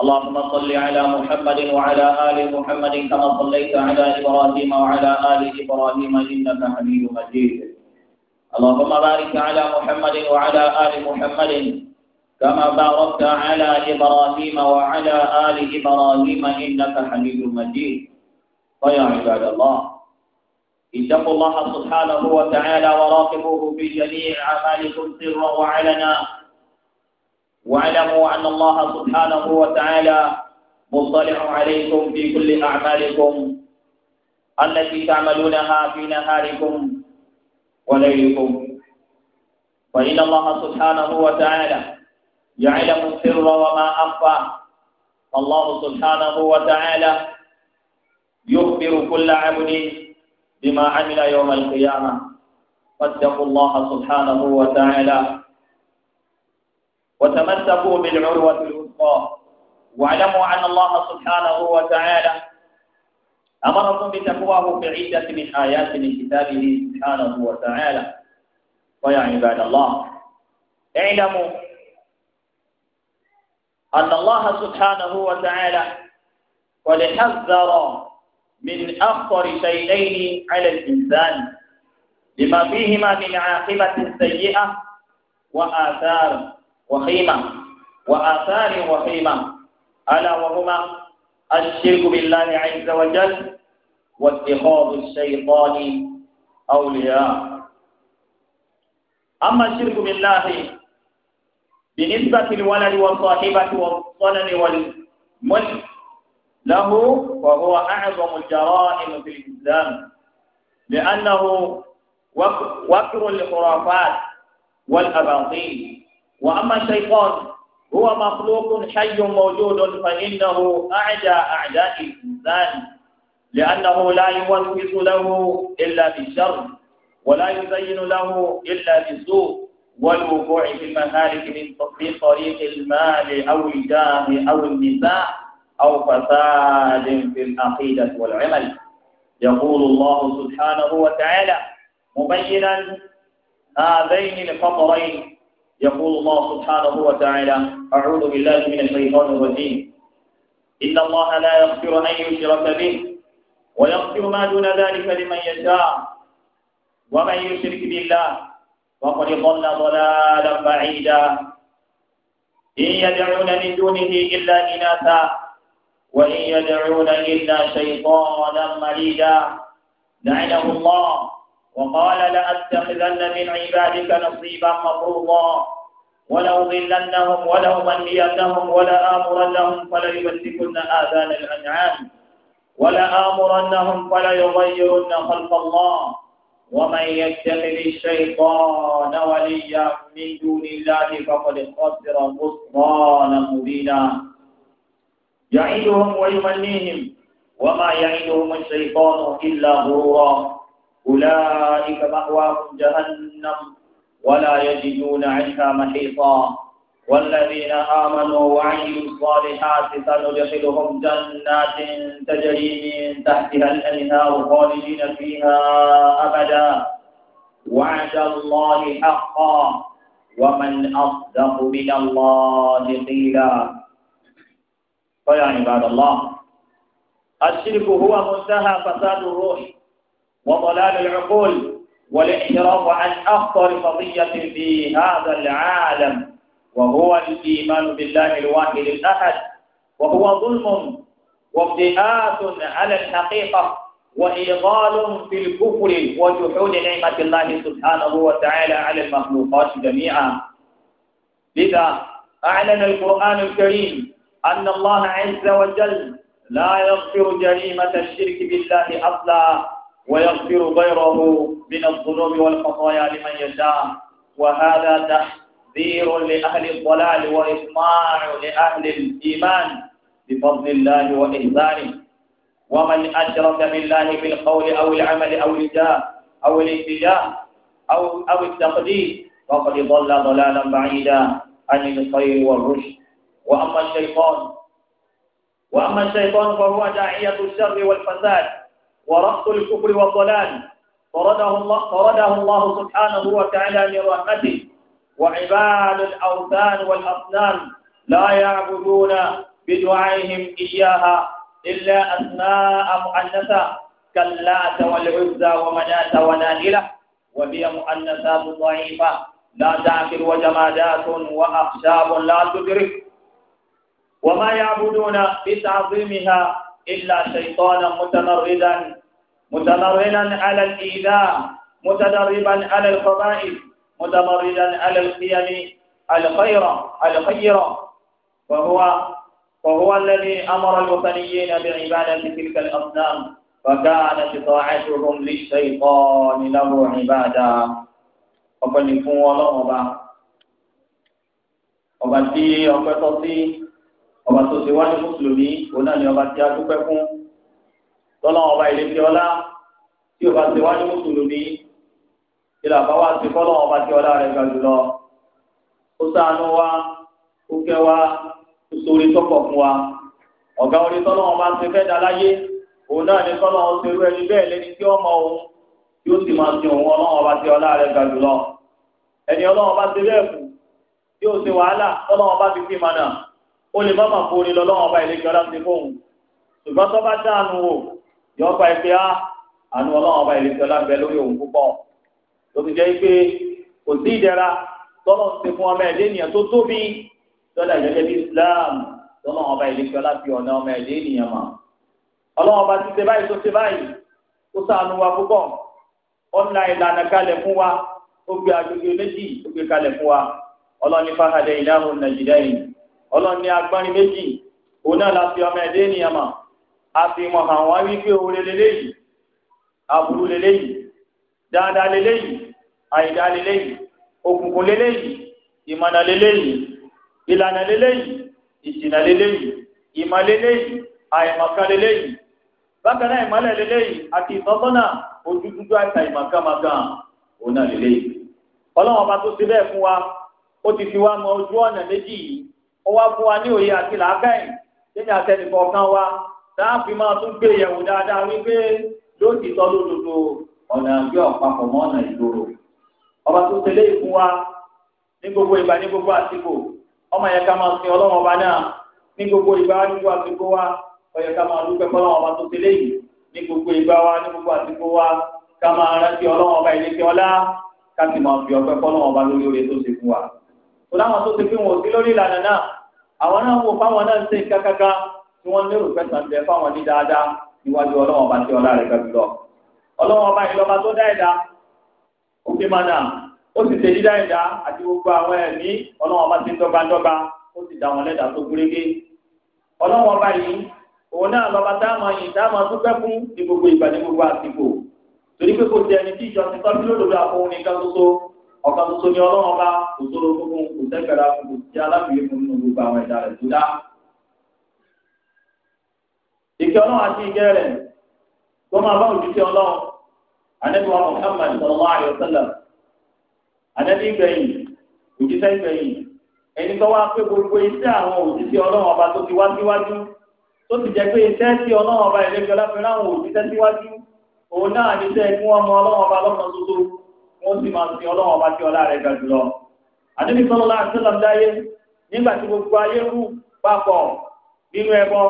اللهم صل على محمد وعلى آل محمد كما صليت على إبراهيم وعلى آل إبراهيم إنك حميد مجيد اللهم بارك على محمد وعلى آل محمد كما باركت على إبراهيم وعلى آل إبراهيم إنك حميد مجيد فيا عباد الله اتقوا الله سبحانه وتعالى وراقبوه في جميع أعمالكم سرا وعلنا واعلموا أن الله سبحانه وتعالى مطلع عليكم في كل أعمالكم التي تعملونها في نهاركم وليلكم فإن الله سبحانه وتعالى يعلم السر وما أخفى الله سبحانه وتعالى يخبر كل عبد بما عمل يوم القيامة فاتقوا الله سبحانه وتعالى وتمسكوا بالعروة الوثقى واعلموا أن الله سبحانه وتعالى أمركم بتقواه في عدة من آيات من كتابه سبحانه وتعالى ويا عباد الله اعلموا أن الله سبحانه وتعالى قد حذر من أخطر شيئين على الإنسان لما فيهما من عاقبة سيئة وآثار وخيمة وآثار وخيمة ألا وهما الشرك بالله عز وجل واتخاذ الشيطان أولياء أما الشرك بالله بنسبة الولد والصاحبة والصنم والملك له وهو أعظم الجرائم في الإسلام لأنه وكر الخرافات والأباطيل وأما الشيطان هو مخلوق حي موجود فإنه أعدى أعداء الإنسان لأنه لا يوسوس له إلا بالشر ولا يزين له إلا بالسوء والوقوع في المهالك من طريق المال أو الجاه أو النساء أو فساد في العقيدة والعمل يقول الله سبحانه وتعالى مبينا هذين الفقرين يقول الله سبحانه وتعالى أعوذ بالله من الشيطان الرجيم إن الله لا يغفر أن يشرك به ويغفر ما دون ذلك لمن يشاء ومن يشرك بالله فقد ضل ضلالا بعيدا إن يدعون من دونه إلا إناثا وإن يدعون إلا شيطانا مريدا لعنه الله وقال لأتخذن من عبادك نصيبا مفروضا ولأضلنهم ولأمنينهم ولآمرنهم فليمسكن آذان الأنعام ولآمرنهم فليغيرن خلق الله ومن يتخذ الشيطان وليا من دون الله فقد خسر خسرانا مبينا يعيدهم ويمنيهم وما يعيدهم الشيطان إلا غرورا أولئك مأواهم جهنم ولا يجدون عنها محيطا والذين آمنوا وعملوا الصالحات سندخلهم جنات تجري من تحتها الأنهار خالدين فيها أبدا وعد الله حقا ومن أصدق من الله قيلا فيا عباد الله الشرك هو منتهى فساد الروح وضلال العقول والانحراف عن أخطر قضية في هذا العالم وهو الإيمان بالله الواحد الأحد وهو ظلم وابتئات على الحقيقة وإيضال في الكفر وجحود نعمة الله سبحانه وتعالى على المخلوقات جميعا لذا أعلن القرآن الكريم أن الله عز وجل لا يغفر جريمة الشرك بالله أصلا ويغفر غيره من الظلوم والخطايا لمن يشاء وهذا تحذير لأهل الضلال وإطماع لأهل الإيمان بفضل الله وإحسانه ومن أشرك بالله بالقول أو العمل أو الجاه أو الاتجاه أو أو التقديم فقد ضل ضلالا بعيدا عن الخير والرشد وأما الشيطان وأما الشيطان فهو داعية الشر والفساد ورفض الكفر والضلال طرده الله, طرده الله سبحانه وتعالى من رحمته وعباد الأوثان والأصنام لا يعبدون بدعائهم إياها إلا أسماء مؤنثة كاللات والعزى ومناة ونائلة وهي مؤنثات ضعيفة لا تعقل وجمادات وأخشاب لا تدرك وما يعبدون بتعظيمها إلا شيطانا متمردا متمردا على الإيذاء متدربا على القبائل متمردا على القيم الخيرة الخيرة وهو وهو الذي أمر الوثنيين بعبادة تلك الأصنام فكانت طاعتهم للشيطان له عبادا وقل نكون ولغبا وقل فيه وقل ọba tó ṣe wá ní mùsùlùmí òun náà ni ọba tí a dúpẹ́ fún tọ́lá ọba ìlẹ́fẹ́ ọlá tí ọba ṣe wá ní mùsùlùmí ìlà bá wá sí fọ́lá ọba tí ọlá rẹ̀ ga jùlọ ó ṣàánú wa ó kẹ́ wa ó sórí tọ́pọ̀ fún wa ọ̀gá orí tọ́lá ọba ṣe fẹ́ dá láyé òun náà ni tọ́lá ọba ṣe rú ẹni bẹ́ẹ̀ lẹ́ni tí ọmọ òun yóò sì máa sin òun ọlọ́run ọba tí ọlá rẹ̀ ga jùlọ ẹni ọlọ́run ọba ṣe bẹ́ẹ̀ fún yóò ó lè má máa forí lọ lọ́wọ́ ọba ìlẹ́jọ́ láti fóun ṣùgbọ́n tó bá dáànù wò yọ ah, ọba ìfẹ́ á àánú ọlọ́wọ́ ọba ìlẹ́jọ́ láti bẹ lórí òun púpọ̀ tó ti jẹ́ pé kò sí ìdẹ̀ra tọ́lọ̀ ti fún ọmọ ẹ̀dẹ́ ènìyàn tó tóbi tọ́lá ìjọ́jẹ́ bí Islam tọ́lọ̀ ọba ìlẹ́jọ́ láti ọ̀nà ọmọ ẹ̀dẹ́ ènìyàn mọ̀ ọlọ́wọ́ ọba ti ṣe báyìí tó ṣe báyìí ó ṣàánú wa púpọ̀ ọ̀nà ìlànà kalẹ̀ fún ọlọ́run ní agbọ́nrin méjì òun náà la fi ọmọ ẹ̀dẹ́ ènìyàn mọ̀ a fi mọ̀ hàn wá wípé oore leléyìí aburú leléyìí dáadáa leléyìí àìdá leléyìí òkùnkùn leléyìí ìmọ̀nà leléyìí ìlànà leléyìí ìsìnà leléyìí ìmọ̀ leléyìí àìmọ̀kan leléyìí bákan náà ìmọ̀lẹ̀ leléyìí àti ìtọ́sọ́nà ojú dúdú àti àìmọ̀kánmọ̀kán òun náà leléyìí ọlọ́run ọba tó ti bẹ́ẹ̀ fún wa ó ti fi wá mọ ojú ọ̀nà méjì yìí ó wá fún wa ní òye àti làákàyè tẹ́mi àtẹnìkọ̀ kan wa dáàfin máa tún gbé yẹ̀wò dáadáa wípé lóòtì tọ́ lódodo ọ̀nà àbí ọ̀pápọ̀ mọ́ ọ̀nà ìgboro ọba tó tẹ̀lé ìfún wa ní gbogbo ìgbà ní gbogbo àsìkò ọmọ yẹn ká máa sin ọlọ́run ọba náà ní gbogbo ìgbà ní gbogbo àsìkò wa ọyẹ ká máa dúpẹ́ fọlọ́run ọba tó tẹ̀lé yìí ní gbogbo ìgbà wa ní gbogbo àsìkò wa ká máa rántí ọlọ́run ọba ìlẹ́kẹ́ ọlá ká sì máa fi ọpẹ́ fọlọ́run ọba lórí oore tó ṣe fún wa kò láwọn tó ti fi wọn ò sí lórí ìlànà náà àwọn náà wò fáwọn náà ṣe kákáká tí wọ́n lérò pẹ̀sán tẹ fáwọn ní dáadáa níwájú ọlọ́wọ́n bá tí ọlá rẹ̀ gbẹ jùlọ ọlọ́wọ́n bá ìlọba tó dá ẹ̀dá òkè mánà ó sì ṣe dídá ẹ̀dá àti gbogbo àwọn ẹ̀mí ọlọ́wọ́n bá ti ń dọ́gbandọ́gba ó sì dá wọn lẹ́dà tó gúrégé ọlọ́wọ́n bá yìí òun náà lọ́ba dáàmà yìí dáàmà dúpẹ́ fún ní gbogbo ìgbà ní gbogbo àsìkò torí pé kò tẹ ẹni tí ìjọ ti tọ́jú lódodo àfọwọ́n nìkan tó ọ̀kan tuntun ni ọlọ́run ọba kò tó lóko fún kò sẹ́gbẹ̀rẹ́ fún kò sí alábìyé fún nínú gbogbo àwọn ẹ̀dá rẹ̀ tó dá. ìkẹ́ ọlọ́run àti ìkẹ́ rẹ̀ tó máa bá òjúṣe ọlọ́run Ànábì wa Muhammad sallallahu alaihi wasallam Ànábì ìgbẹ̀yìn òjíṣẹ́ ìgbẹ̀yìn ẹni tó wá pé gbogbo iṣẹ́ àwọn òjíṣẹ́ ọlọ́run ọba tó ti wá síwájú tó ti jẹ́ pé iṣẹ́ tí ọlọ́run ọba ìlẹ́gbẹ̀ọ́lá fẹ́ràn àwọn òjíṣẹ́ síwájú òun náà níṣẹ́ kí wọ́n mọ ọlọ́run ọba lọ́kàn tuntun ó sì máa sin ọlọ́wọ́n bá tí ọlá rẹ̀ ga jùlọ. àdébí sọ́nà láti sọ́nà láyé nígbà tí gbogbo ayé rú papọ̀ nínú ẹbọ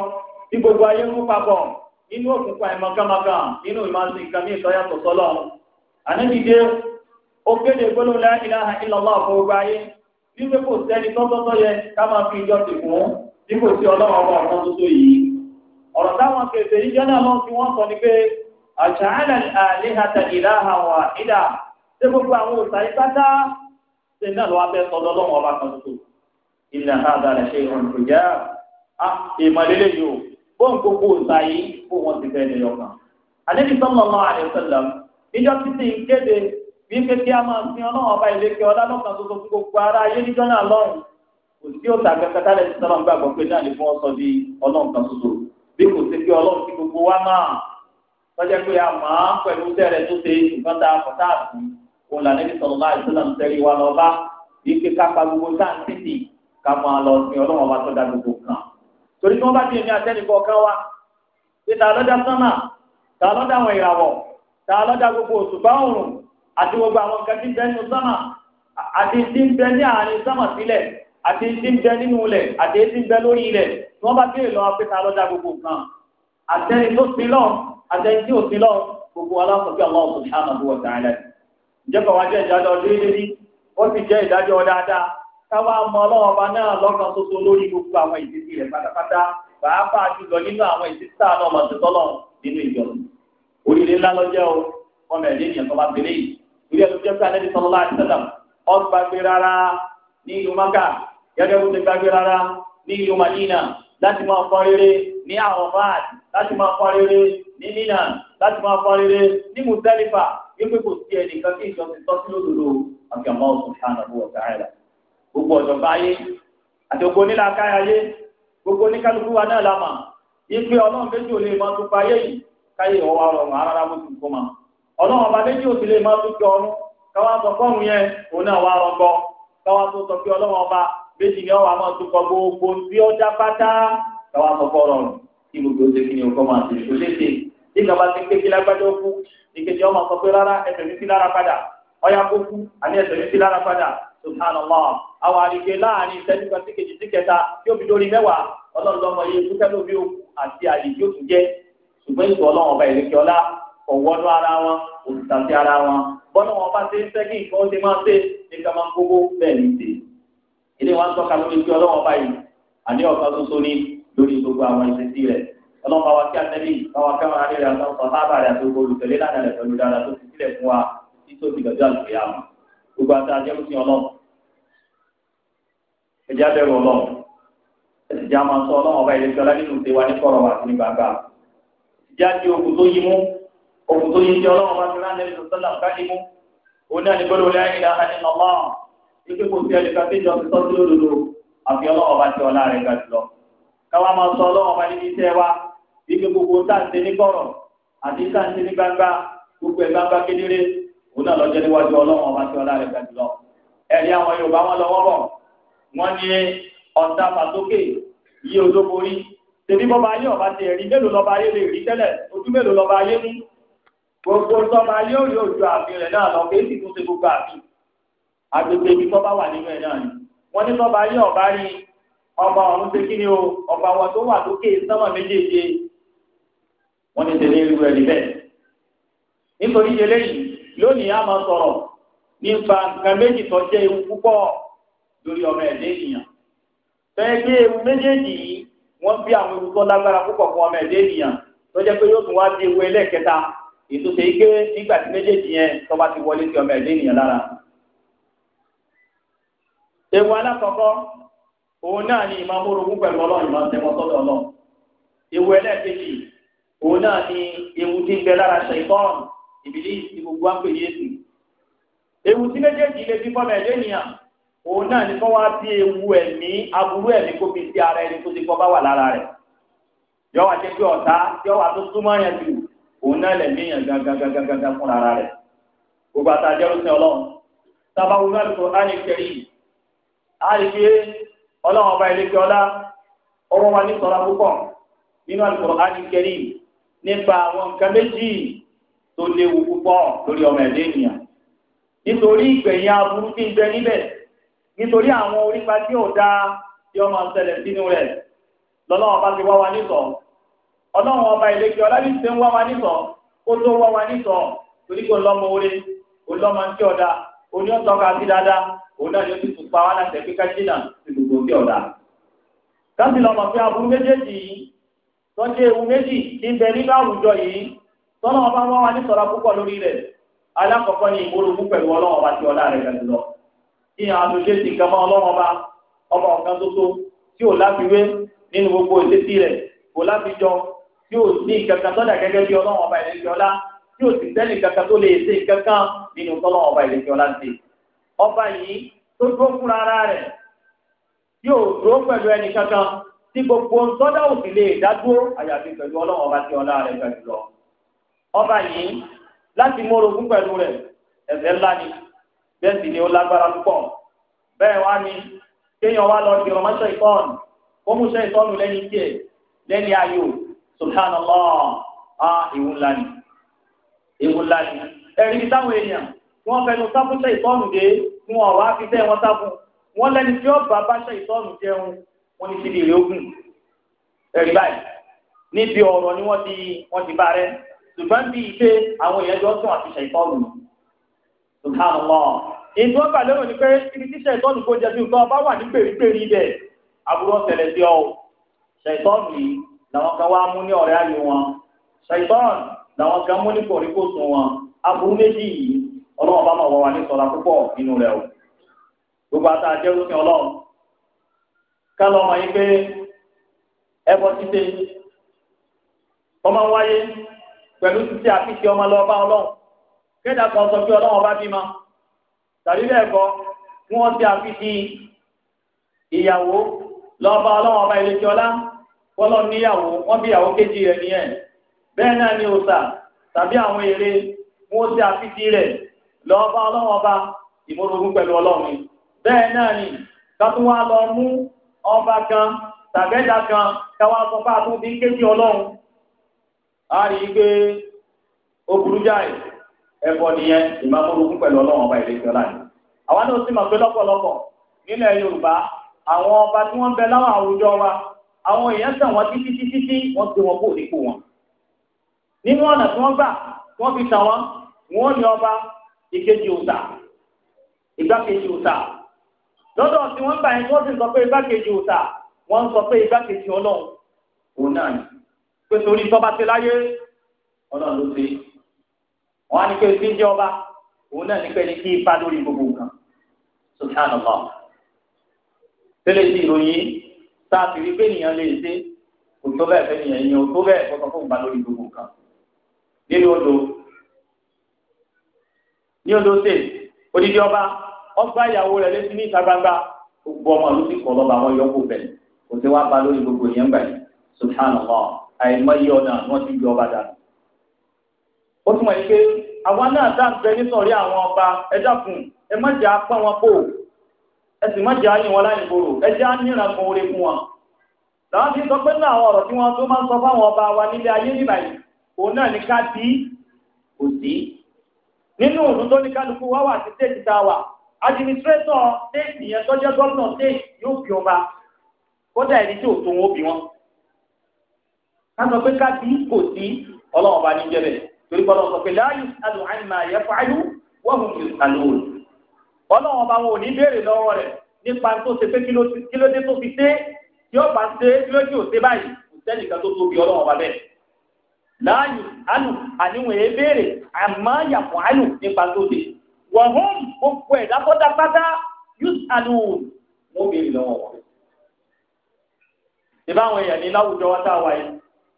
tí gbogbo ayé rú papọ̀ nínú òkùnkùn àìmọ̀kàmọ̀kà nínú ìmọ̀sìn nǹkan ní ìtọ́yàtọ̀ sọ́lọ̀. àdébí dé ó kéde gbólóhùn la ilaha illallah fún gbogbo ayé nígbà kò sẹ́ni tọ́tọ́tọ́ yẹ ká máa fi ìjọ sì fún bí kò ni pé àṣà àlàlẹ́ àléhàtà ìlàhà wà ṣé gbogbo àwọn òòsà yìí pátá ṣe náà lọ́wọ́ abẹ́ sọ́dọ̀ lọ́wọ́ ọba kan tó ìlànà àdára ṣe ìrọ̀rùn tó jẹ́ à ìmọ̀lélẹ́ yìí o bóun gbogbo òòsà yìí bó wọn ti fẹ́ nìyọ kan. àdébí sallallahu alaihi wasallam níjọ́ títí kéde bí kékeré a máa sin ọlọ́wọ́ ọba ilé kẹ ọlá lọ́kàn tó tó fún gbogbo ara ayé níjọ́ náà lọ́rùn kò sí di ọlọ́run kan ṣoṣo bí kò sí pé ọlọ́run ti gbogbo wa máa tọ́jà pé a máa pẹ̀lú tẹ̀rẹ̀ tó ṣe nǹkan tá a kọ̀ òun lànà ibi sọ̀rọ̀ láì sílẹ̀ ńtẹ́rí wa lọ bá ike kápá gbogbo sáǹtìtì ká máa lọ sí ọlọ́wọ́n bá tó dá gbogbo kan. torí tí wọ́n bá ti èmi àtẹnìkọ̀ kan wá pé ta lọ́dá sánmà ta lọ́dá àwọn ìràwọ̀ ta lọ́dá gbogbo òṣùpá òrùn àti gbogbo àwọn nǹkan tí ń bẹ nínú sánmà àti tí ń bẹ ní àárín sánmà sílẹ̀ àti tí ń bẹ nínú ilẹ̀ àti tí ń bẹ lórí ilẹ̀ tí wọ́n bá kéré lọ pé ta lọ́dá gbogbo kan àtẹni tó sí lọ́n gbogbo aláǹfọ̀bí àwọn ìjẹ́kọ̀ wájú ìdájọ́ déédéé ó sì jẹ́ ìdájọ́ dáadáa káwá mọ ọlọ́run ọba náà lọ́kàn ṣoṣo lórí gbogbo àwọn ìdíje rẹ̀ pátápátá pàápàá jùlọ nínú àwọn ìdíje táà náà mọ̀ sí tọ́lọ̀ nínú ìjọ oríire ńlá lọ́jọ́ o ọmọ ẹ̀dẹ́ ènìyàn tó bá gbélé yìí ìdí ẹ̀sùn jẹ́pẹ́ alẹ́ nìkan lọ́la àti sẹ́lẹ̀m ọgbàgbé rárá ní ìlú maka gẹ́gẹ́ bó ti gbàgbé rárá ní ìlú madina láti máa pọn rere ní arafat láti máa pọn rere ní nínà láti máa pọn rere ní mùsẹ́lífà wípé kò sí ẹnìkan kí ìjọsìn tọ́sí lódodo àti àmọ́ wa ta'ala gbogbo ọ̀jọ̀gbá ayé àti gbogbo ayé gbogbo oníkálukú wa náà la ọlọ́run méjì ò lè máa tún yìí káyé arára bó kó ma ọlọ́run ọba méjì ò sì lè máa tún ọrún káwá sọ fọ́ọ̀mù yẹn òun náà rọgbọ káwá tó sọ méjì yẹn wà máa tukọ̀ gbogbo bí ó dá pátá káwá sọ fọ́ọ̀rọ̀ kí gbogbo ṣe kí ni òkọ́ máa ṣe kò léṣe nígbà bá ti ké kí lágbájá ó kú ìkejì ọmọ sọ pé rárá ẹsẹ̀ mi sí lára padà ọyá kó kú àní ẹsẹ̀ mi sí lára padà subhanallah àwọn àrígbé láàrin ìṣẹ́jú kan sí kejì sí kẹta tí ó fi dórí mẹ́wàá ọlọ́run lọ́mọ yẹ kú tẹ́lẹ̀ omi òkú àti àyíké òkú jẹ́ ṣùgbọ́n ìtò ọlọ́run ọba ìrèké ọlá ọ̀wọ́nú ara wọn òṣìṣàṣì ara wọn bọ́lá wọn bá ṣe ń fẹ́ nǹkan ó ṣe máa ṣe nǹkan máa gbogbo bẹ́ẹ̀ ní ṣe ilé wa ń tọ́ka lórí pé ọlọ́wọ́n báyìí àní ọ̀kan tuntun ní lórí gbogbo àwọn ìṣesí rẹ̀ ọlọ́wọ́n bá wa kí àtẹ́lẹ́ yìí káwa káwa rẹ̀ rẹ̀ àtàwọn sọ̀tà àbàrẹ̀ àti gbogbo olùtẹ̀lé lánàá rẹ̀ pẹ̀lú dára tó ti sílẹ̀ fún wa tí tó ti gbàdúrà lórí àmọ́ gbogbo àti àjẹmúsìn ọlọ́run ẹ̀jẹ̀ abẹ́rù ọlọ́run ẹ̀jẹ̀ àmọ́ sọ ọlọ́run ọba ìrẹsì ọlọ́dínlù ti wá ní kọ̀rọ̀ wa sí ní gbàgbà ìjà di ogun tó yí mú ọlọ́run ọba ike kò sí ẹnìkan tí ìjọ ti tọ́ sí lódodo àfi ọlọ́wọ́ bá ti ọlá rẹ̀ ga jùlọ. káwa máa sọ ọlọ́wọ́ bá níbi iṣẹ́ wa ike gbogbo tá à ń ṣe ní kọ̀rọ̀ àti tá à ń ṣe ní gbangba gbogbo ẹ̀ gbangba kedere òun náà lọ́jọ́ níwájú ọlọ́wọ́ bá ti ọlá rẹ̀ ga jùlọ. ẹ̀rí àwọn Yorùbá wọn lọ wọ́pọ̀ wọ́n ní ọ̀tá pàtókè yí odóborí tèmi bọ́ba ayé ọ̀bá ti ẹ̀rí mélòó lọ́ba ayé lè rí tẹ́lẹ̀ ojú mélòó lọ́ba ayé mú gbogbo tọ́ba ayé ò rí òjò àfihàn náà lọ kéésì tún ṣe gbogbo àfihàn agbègbè ibi tó bá wà nínú ẹ̀ náà ni wọ́n ní tọ́ba yé ọ̀bá rí ọba ọ̀run ṣe kí ni o ọba wọn tó wà lókè sánmà méjèèjì wọ́n ní tẹ̀lé irú ẹ̀ níbẹ̀ nítorí ìdílé yìí lónìí a máa sọ̀rọ̀ nípa nǹkan méjì tó jẹ́ ewu púpọ̀ lórí ọmọ ẹ̀dẹ́ ènìyàn fẹ́ẹ́ gbé ewu méjèèjì yìí wọ́n bí àwọn ewu tó lágbára púpọ̀ fún ọmọ ẹ̀dẹ́ ènìyàn tó jẹ́ pé yóò tún wá di ewu ẹlẹ́ẹ̀kẹta ètò tẹ̀ ike nígbà tí méjèèjì yẹn tó bá ti wọlé sí ọmọ ẹ̀dẹ́ ènìyàn lára ewu alákọ̀ọ́kọ́ òun náà ni ìmọ̀ amórogún pẹ̀lú ọlọ́run ìmọ̀ tẹmọtọ́lọ́ ọlọ́run ewu ẹlẹ́ẹ̀kejì òun náà ni ewu tí ń bẹ lára ṣẹ̀tọ́n ìbílí ti gbogbo àpè yéésì ewu tí méjèèjì lè fi fọ́mọ ẹ̀dẹ́ nìyàn òun náà ni kọ́ wá bí ewu ẹ̀mí aburú ẹ̀mí kó fi sí ara ẹni tó ti kọ́ bá wà lára rẹ̀ yọ wá jẹ́ pé ọ̀tá yọ wá tó súnmọ́ yẹn jù òun náà lẹ̀mí yẹn gangan gangan fúnra rẹ̀ gbogbo àtàjẹ́rú sí ọlọ́run tábàwúrú àlùkò ánì àríké ọlọ́run ọba ilé kíọ́lá ọwọ́ wa ní sọ̀rọ̀ púpọ̀ nínú Al-Qur'ani nípa àwọn nǹkan méjì tó léwu púpọ̀ lórí ọmọ ẹ̀dẹ́ ènìyàn nítorí ìgbẹ̀yìn aburú tí ń bẹ níbẹ̀ nítorí àwọn orípa tí ò dáa tí ọmọ ṣẹlẹ̀ sínú rẹ̀ ọba ti wá wa ọba ilé kíọ́lá òun náà yóò ti tún pa wá láti ẹgbẹ́ kájínà ti gbogbo ti ọ̀dà. káàsì lọ́mọ pé aburú méjèèjì yìí tọ́jú ewu méjì ti ń bẹ nínú àwùjọ yìí tọ́lá wọn bá wá wa ní sọ̀rọ̀ púpọ̀ lórí rẹ̀ alákọ̀ọ́kọ́ ni ìmúrogún pẹ̀lú ọlọ́wọ́n bá ti ọ̀dà rẹ̀ gàdú lọ. kí àwọn àtúnṣe ti kàn mọ́ ọlọ́wọ́n bá ọba ọ̀kan tótó tí ò láfiwé nínú gbogbo ìdésí rẹ̀ kò láfijọ tí ò ní ìkankan tọ́jà gẹ́gẹ́ bí ọlọ́wọ́n ọba ìlẹ́kẹ́ ọlá tí ò sì sẹ́ni kankan tó lè ṣe kankan nínú tọ́lọ́wọ́n ọba ìlẹ́kẹ́ ọlá ti ọba yìí tó dúró fúnra ara rẹ̀ yóò dúró pẹ̀lú ẹnì kankan tí gbogbo sọ́dá òsì lè dádúró àyàfi pẹ̀lú ọlọ́run ọba tí ọlá rẹ̀ pẹ̀lú lọ. ọba yìí láti mú orogún pẹ̀lú rẹ̀ ẹ̀ṣẹ̀ ńlá ni bẹ́ẹ̀ sì ni ó lágbára púpọ̀ bẹ́ẹ̀ wá ni kéèyàn wá lọ di ọmọṣẹ́ ìtọ́n kó mú ṣe ìtọ́nù lẹ́yìn tiẹ̀ lẹ́ni ayò subhanallah ah ìwú ńlá ni ìwú ńlá ni ẹ̀rí táwọn èèyàn wọ́n fẹnu sáfúnṣẹ́ ìtọ́nù dé fún ọ̀wá fi tẹ́ wọn sáfún wọn lẹ́ni tí ó bá báṣẹ ìtọ́nù jẹun wọn ní síbi ìrè ogun ẹ̀rí báyìí níbi ọ̀rọ̀ ni wọ́n ti wọ́n ti bá rẹ ṣùgbọ́n bí iṣẹ́ àwọn èèyàn jọ tún àti ṣàìtọ́nù subhanallah ètò ọgbà lérò ni pé ibi tí ṣàìtọ́nù kó jẹ bí nǹkan ọba wà ní pèrìpèrì ibẹ̀ àbúrò ọ̀sẹ̀lẹ̀ sí ọ ṣàìtọ́nù yìí làwọn kan wá mú ní ọ̀rẹ́ àyè ọlọ́wọ́n bá máa wọ wa ní sọ̀rọ̀ púpọ̀ nínú rẹ̀ o gbogbo ata jẹ́ lókè ọlọ́run ká lọ mọ̀ yín pé ẹbọ títẹ ọmọ wáyé pẹ̀lú títí àfíṣe ọmọ lọ bá ọlọ́run kẹ́dà kan sọ pé ọlọ́run bá bímọ tàbí bẹ́ẹ̀ kọ́ kí wọ́n ti àfíṣe ìyàwó lọ bá ọlọ́run ọba ìlẹ́jọ́ ọlá wọ́lọ́ níyàwó wọ́n bí ìyàwó kejì rẹ̀ nìyẹn bẹ́ẹ̀ náà ni òòṣà tàbí àwọn ère wọ́n ti àfíṣe rẹ̀ lọ́ọ́ bá ọlọ́wọ́ bá ìmọ̀lógún pẹ̀lú ọlọ́run ni bẹ́ẹ̀ náà ni kátó wá lọ mú ọba kan tàbẹ́dà kan káwá sọ fún àtúntí kéjì ọlọ́run á rí i pé ó burú jáì ẹ̀fọ́ nìyẹn ìmọ̀lógún pẹ̀lú ọlọ́run ọba ìrètí ọ̀la ni àwa náà sì mọ̀ pé lọ́pọ̀lọpọ̀ nílẹ̀ Yorùbá àwọn ọba tí wọ́n bẹ láwọn àwùjọ wa àwọn èèyàn tàn wọ́n títí títí tí wọ́n gbé wọn kó nípò wọn nínú ọ̀nà tí wọ́n gbà wọ́n fi tàn wọ́n wọ́n ní ọba ìkejì òòtà ìgbákejì òòtà lọ́dọ̀ tí wọ́n gbà yẹn tí wọ́n sì sọ pé ìgbákejì òòtà wọ́n sọ pé ìgbákejì ọlọ́run òun náà ni pé torí tọ́ba ti láyé ọlọ́run ló ṣe wọ́n á ní pé tí ń jẹ́ ọba òun náà ní pé ní kí ipa lórí gbogbo nǹkan subhanallah tẹ́lẹ̀ sí ìròyìn tá a ti rí pé nìyẹn lè ṣe kò tó bẹ́ẹ̀ fẹ́ nìyẹn ìyẹn ò tó bẹ́ẹ̀ kọ́kọ́ fún ìgbà lórí gbogbo nǹkan nínú odò ní Ondo state odidi ọba ọgbà ìyàwó rẹ̀ létí ní ìta gbangba gbogbo ọmọ ló ti kọ̀ lọ́ba wọn yọkù bẹ̀ kò sí wàá ba lórí gbogbo ìyẹn gbà yìí subhanallah àìmọye ọ̀nà wọn ti di ọba dànù. ó túmọ̀ yìí pé àwa náà dá ń bẹ nítorí àwọn ọba ẹ dákun ẹ má jẹ́ apá wọn kó ẹ sì má jẹ́ ayé wọn láyé gbòòrò ẹ jẹ́ aníran kan oore fún wọn. làwọn ti sọ pé náà ọ̀rọ̀ tí wọ́n tó máa ń sọ fáwọn ọba wa nílé ayé nígbà yìí òun náà ní ká dí kò sí nínú òun tó ní kálukú wá wà sí stéètì tá a wà adimitrétọ̀ stéètì yẹn tó jẹ́ gọ́ọ̀nà stéètì yóò bí ọba kódà ẹni tí ò tó wọn ó bí wọn. ká sọ pé ká bí kò sí ọlọ́run ọba ní jẹ́bẹ̀ torí bọ́lá sọ pé láàyè àlù àìmọ̀ àyẹ̀fọ́ àìlú wọ́n hùn kì í sàlùwò. ọlọ́run ọba wọn ò ní béèrè lọ́wọ́ rẹ̀ nípa tó ṣe pé kílódé tó fi ṣe tí ó bá ṣe kílódé ò ṣe báyìí kò sẹ́nìkan tó tóbi ọlọ́run láàyè ánù àníwọ̀n èé béèrè àmọ́ yàpọ̀ ánù nípa tó dé wọ̀n hún gbogbo ẹ̀dá kọ́dá pátá yóò àlù wọ́n béèrè lọ́wọ́ wọn. ìbá àwọn èèyàn ní láwùjọ wọn tá a wáyé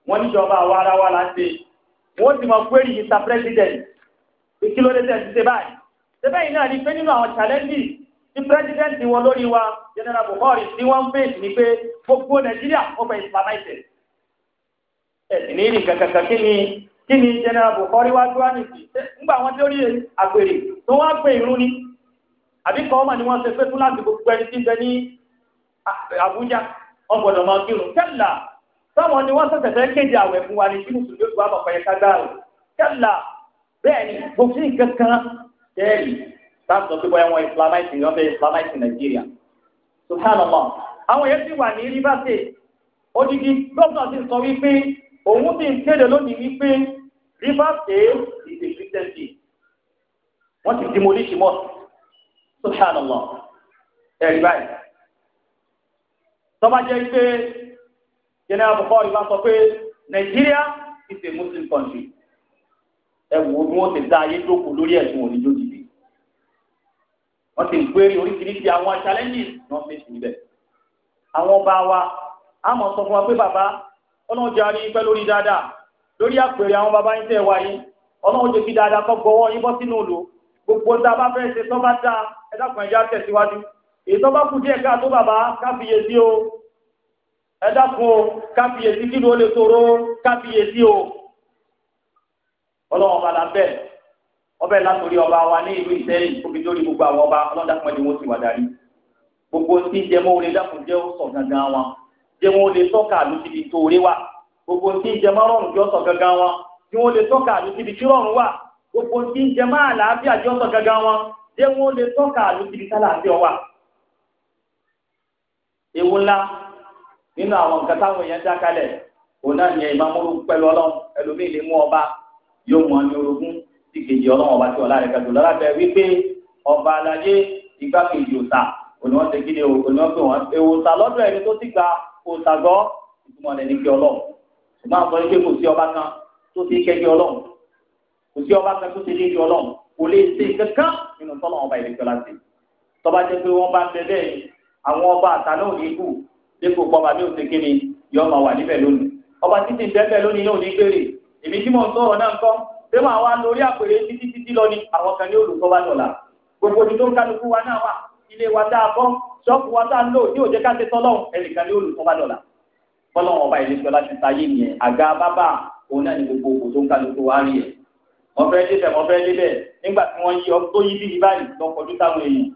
wọn níjọba àwa ara wa láti wọn ti mọ query Mr President kí ló dé tẹ̀ sí ṣe báyìí ṣe báyìí náà ni pé nínú àwọn challenges tí president wọn lórí wa General Buhari tí wọ́n ń pè ní pé gbogbo Nàìjíríà ó fẹ́ islamize ẹ̀sìn ní ìrìn kí ni kí ni general buhari wá tó wá nìsí ńgbà wọn lórí àpèrè tó wá pè irun ni àbí kọ́ ọmọ ni wọ́n ṣe pé fúlàní gbogbo ẹni tí ń bẹ ní Àbújá wọn gbọdọ̀ máa kírun kẹ́là táwọn ni wọ́n ṣẹ̀ṣẹ̀ fẹ́ kéde àwẹ̀ fún wa ní bí mùsùlùmí òtún wà bàbá yẹn ká dáàrú kẹ́là bẹ́ẹ̀ subhanallah àwọn yẹn ti wà ní rivers odidi gómìnà ti sọ wípé òun ti ń kéde lónìí wípé Rivers State is a Christian state wọ́n ti demolish mosque subhanallah ẹ̀rí báyìí tọ́ba jẹ́ pé general Buhari bá sọ pé Nigeria is a Muslim country ẹ wò ó bí wọ́n ti dá ayé jókòó lórí ẹ̀sùn òní lójijì wọ́n ti ń gbérí oríṣiríṣi àwọn challenges náà fèsì níbẹ̀ àwọn ọba wa àmọ̀ sọ fún wa pé bàbá ọlọ́run jẹ́ àrí pẹ́ lórí dáadáa lórí àpèrè àwọn baba yín tẹ̀ wáyé ọlọ́run jẹ́ kí dáadáa kọ́ gbọ́wọ́ yín bọ́ sínú òlò gbogbo tá a bá fẹ́ ṣe tọ́ bá dá ẹ̀dàkùn ẹ̀já tẹ̀síwájú èyí tó bá kù díẹ̀ ká tó bàbá káfíyèsí o ẹ̀dàkùn o káfíyèsí kí ló lè tòró káfíyèsí o ọlọ́run ọba la ọbẹ̀ látòrí ọba wa ní ìlú ìsẹ́yìn kóbi lórí gbogbo àwọn ọba ọlọ́run ẹ̀dínwó ti wà dárí gbogbo tí jẹmọ́ olè dàkùn jẹ́ sọ̀ gangan wọn jẹmọ́ olè tọ́ka àlùsíbi tó orí wa gbogbo tí ń jẹ mọ́ rọrùn jọ sọ gangan wọn tí wọ́n lè tọ́ka àlù síbi tí rọrùn wà gbogbo tí ń jẹ mọ́ àlàáfíà jọ sọ gangan wọn jẹ́ wọ́n lè tọ́ka àlù síbi tí àlàáfíà wà. ewu ńlá nínú àwọn nǹkan táwọn èèyàn dá kalẹ̀ òun náà yẹn ìmàmúrú pẹ̀lú ọlọ́run ẹlòmíì lè mú ọba yóò mọ ní orogún tí kejì ọlọ́run ọba tí ọ̀la rẹ̀ kàdùn lọ́la bẹ̀ wípé ọba alayé igbákejì òta òní wọn ti kí ni òní wọn pè wọn èwòta lọ́dọ̀ ẹni tó ti gba òta gbọ́ ìtumọ̀ rẹ̀ kí ọlọ́run ìmọ̀ àwọn ọmọdé kò sí ọba kan tó ti kẹ́jọ ọlọ́run kò sí ọba kan tó ti léjọ ọlọ́run kò lè ṣe kankan nínú tọ́lọ̀ ọba ìlẹ́jọ́ láti tọ́ba jẹ́ pé wọ́n bá ń bẹ bẹ́ẹ̀ àwọn ọba àtàná òní kù dípò pọ́ba ní òsè kíni yóò máa wà níbẹ̀ lónìí ọba títí bẹ́ẹ̀ lónìí yóò ní gbèrè èmi tí mò ń sọ̀rọ̀ náà ń kọ́ pé màá wá lórí àpèrè títí títí lọ ni àwọn kan ní olùkọ́ bá dọ̀la gbogbo ní tó ń kálukú wa náà wà ilé wa dáa kọ́ ṣọ́ọ̀bù wa dáa ń lò ní òjẹ́ká ṣe tọ́lọ́hún ẹnìkan ní olùkọ́ bá fọlọ́wọ́n ọba ìlẹ́sọ̀ láti sáyé nìyẹn àga bábà òun náà ní gbogbo òkò tó ń kálukú wá rí ẹ̀ mọ̀fẹ́ débẹ̀ mọ̀fẹ́ débẹ̀ nígbà tí wọ́n yí ọ tó yí bíi báyìí lọ kọjú táwọn èèyàn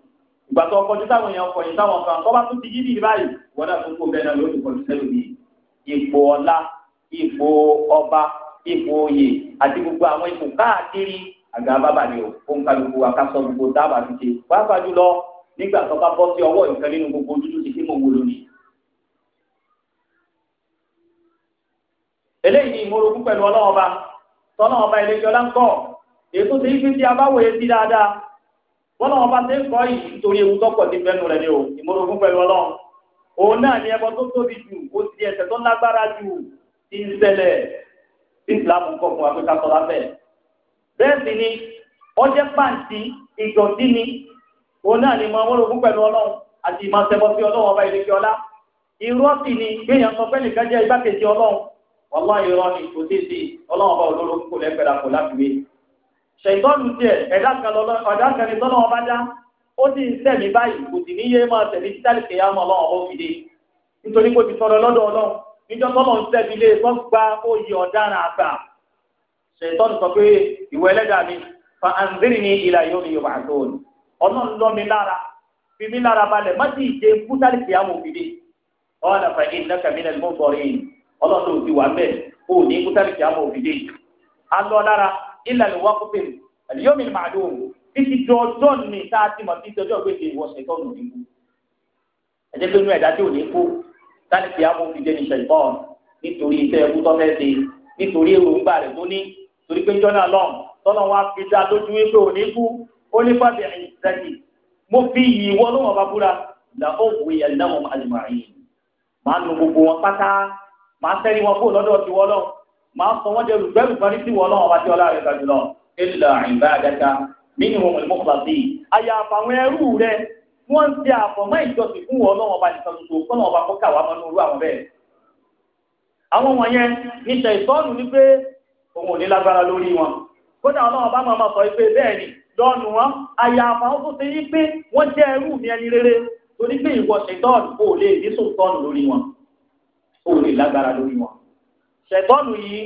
ìgbà tó kọjú táwọn èèyàn kọyìn táwọn kan tó bá tún ti yí bíi báyìí wọn náà tó kó bẹ́ẹ̀ náà lórí kọjú sẹ́lẹ̀ mi ipò ọlá ipò ọba ipò oyè àti gbogbo àwọn ipò káàkiri àga bábà ni o ó ń kálukú wa gbogbo dábàá ti ṣe pàápàá jùlọ nígbà tó bá bọ́ sí ọwọ́ ìkan nínú gbogbo ojútùú ti fi mọ̀ wò lónìí eléyìí ni ìmọ̀rògún pẹ̀lú ọlọ́wọ́n ọba tọ́lọ́wọ́n ọba ìlẹ́jọ́ láńkọ́ ètò tí ife tí a bá wòye sí dáadáa wọ́n lọ́wọ́n ọba ti ń kọ́ yìí nítorí ewu tọ́pọ̀ ti fẹ́ rẹ̀ ni o ìmọ̀rògún pẹ̀lú ọlọ́wọ́n òun náà ni ẹbọ tó tóbi jù ó ti ẹsẹ̀ tó lágbára jù ti ń ṣẹlẹ̀ ìsìlámù kọ̀ fún afẹ́ká sọ lábẹ́ bẹ́ẹ̀ sì ni ọjẹ́ pàǹtí ìdọ̀tí ni òun náà ni mo amúrògún pẹ̀lú ọlọ́run àti ìmọ̀ ṣẹbọ sí ọlọ́run ọba ìlẹ́kẹ́ ọlá irú ọ̀sìn ni gbéyàn sọ pé nìkan jẹ́ igbákejì ọlọ́run ọlọ́ ìrọ́ ni kò tí sí ọlọ́wọ́n bá olóró kò lẹ́gbẹ̀rẹ̀ kò ṣèǹtọ́nù tiẹ̀ bá dá ó ń báyìí kò sì máa tẹ̀lé títàlì ó fi dé nítorí ti sọ̀rọ̀ lọ́dọ̀ ọlọ́run níjọ́ tọ́lọ́run tó gba oyè ọ̀daràn àgbà ṣèǹtọ́nù sọ pé ẹlẹ́dàá mi fa ọlọ́run ò ti wà bẹ́ẹ̀ kó o ní kú sábìkì àmọ́ òfìdé alọ́ lára ilẹ̀ ni wọ́n kó pè mí àlìyọ́mì ni màá dóhùn títí dọ́jọ́ ni tá a ti mọ̀ títí ọjọ́ ìgbésẹ̀ ìwọ̀sẹ̀ tó nù nínú ẹ̀jẹ̀ pé inú ẹ̀dá tí ò ní kú sábìkì àmọ́ òfìdé ni ṣẹ̀gbọ́n nítorí iṣẹ́ ẹkú tó fẹ́ẹ́ ṣe nítorí èròǹgbà rẹ̀ tó ní torí pé jọ́nà lọ́n máa tẹ́rí wọn kó lọ́dọ̀ ti wọ́lọ́ máa sọ wọ́n dẹrù gbẹ́rù parí sí wọ́lọ́ ọba tí ọlá rẹ̀ gbà jùlọ ilà ìgbà àdáta nínú ohun ìmọ̀ pàṣẹ àyà àfàwọn ẹrú rẹ wọ́n ń ṣe àfọ̀mọ́ ìjọsìn fún wọ́lọ́ ọba nìkan tuntun kọ́nà ọba kó kà wá mọ́ nínú àwọn bẹ́ẹ̀. àwọn wọ̀nyẹn ní ṣèṣọ́nù ní pé òun ò ní lágbára lórí wọn kódà ọlọ́run bá máa sọ pé bẹ́ẹ̀ ni lọ́nu wọn àyà àfàwọn tó ṣe yí pé wọ́n jẹ́ ẹrú mi ẹni rere torí pé ìwọ ṣètọ́ọ̀nù kò lè ní sòtọ́ọ̀nù lórí wọn ó lè lágbára lórí wọn. ṣẹ̀tọ́nù yìí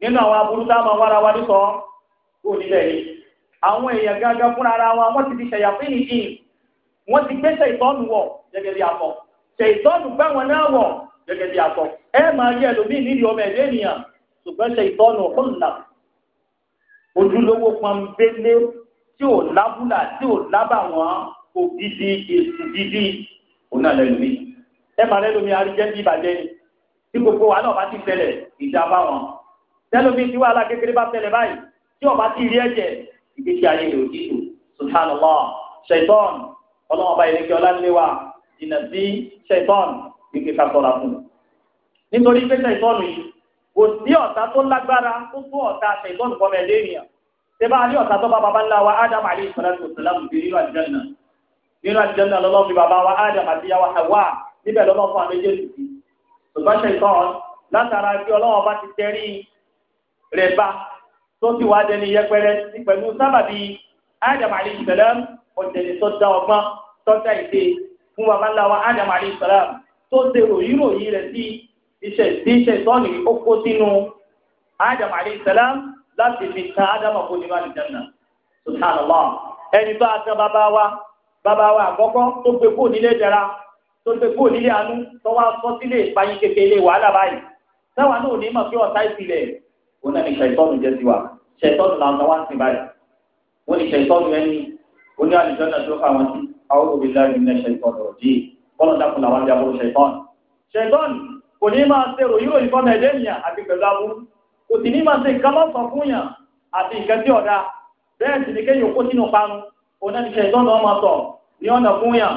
nínú àwọn aburú táwọn àwọn ará wa ní sọ kó nílẹ̀ yìí àwọn èèyàn gángan fúnra ara wa wọ́n ti fi ṣẹ̀yà fún ìyìn yìí wọ́n ti gbé ṣẹ̀tọ́nù wọ̀ gẹ́gẹ́ bí afọ ṣẹ̀tọ́nù gbá wọn náà wọ̀ gẹ́gẹ́ bí afọ ẹ máa rí ẹlòmíì nídìí ọmọ ẹ̀dẹ́ ènìyàn ṣùgbọ́n ṣẹ̀tọ́nù ọ̀nà ojúlówó pọnbélé tí ò lábúlà tí ò lábàwọ́n ògidì èsì gidi òun náà lẹ́nu mi ẹ máa lẹ́nu mi arijẹ́ bí ìbàjẹ́ ni tí gbogbo wa náà bá ti tẹ̀lẹ̀ ìjà bá wọn tẹ́lómi tí wàhálà kékeré bá tẹ̀lẹ̀ báyìí tí ọba ti rí ẹ̀jẹ̀ ìgbésí ayé rẹ̀ òjì tù subhanallah shaitan ọlọ́wọ́n bá ìrèké ọlánilẹ́wà jìnnà sí shaitan ìgbé ká fún un nítorí pé shaitan yìí kò sí ọ̀tá tó lágbára tó tó ọ̀tá shaitan fọmọ níbẹ̀ lọ́nà fún àméjèèjì sí ṣùgbọ́n ṣe ìtàn látara bí ọlọ́wọ́n bá ti tẹ́rí rẹ̀ bá tó ti wá dẹni yẹpẹrẹ sí pẹ̀lú sábàbí Adam alayhi salam ọ̀tẹ̀lẹ̀ tó da ọgbọ́n tó ìdè fún babaláwa Adam alayhi tó ṣe ròyìn ròyìn rẹ̀ sí iṣẹ́ sí iṣẹ́ ìtọ́ni ó kó sínú Adam alayhi láti fi ta Adam kó nínú àlùjánnà subhanallah ẹni bá a bàbá wa bàbá wa àkọ́kọ́ tó gbé kó nílé jẹra tó ti kó nílé àánú tó wá sọ sílé ìpayín kékeré wàhálà báyìí táwa náà ní mọ̀ pé ọ̀tá ìpìlẹ̀ òun náà ní ṣàìtọ́nù jẹ́ sí wa ṣàìtọ́nù làwọn wá ń sìn báyìí wọ́n ní ṣàìtọ́nù ẹni oní àlùjọ́ náà tó fà wọ́n sí àwọn òbí láàrin ní ṣàìtọ́nù ọ̀dí bọ́lá dákun làwọn bí aburú ṣàìtọ́nù ṣàìtọ́nù kò ní máa ṣe ròyìn ròyìn fọ́mọ ẹ̀dẹ́ ènìyàn àti pẹ̀lú aburú kò sì ní máa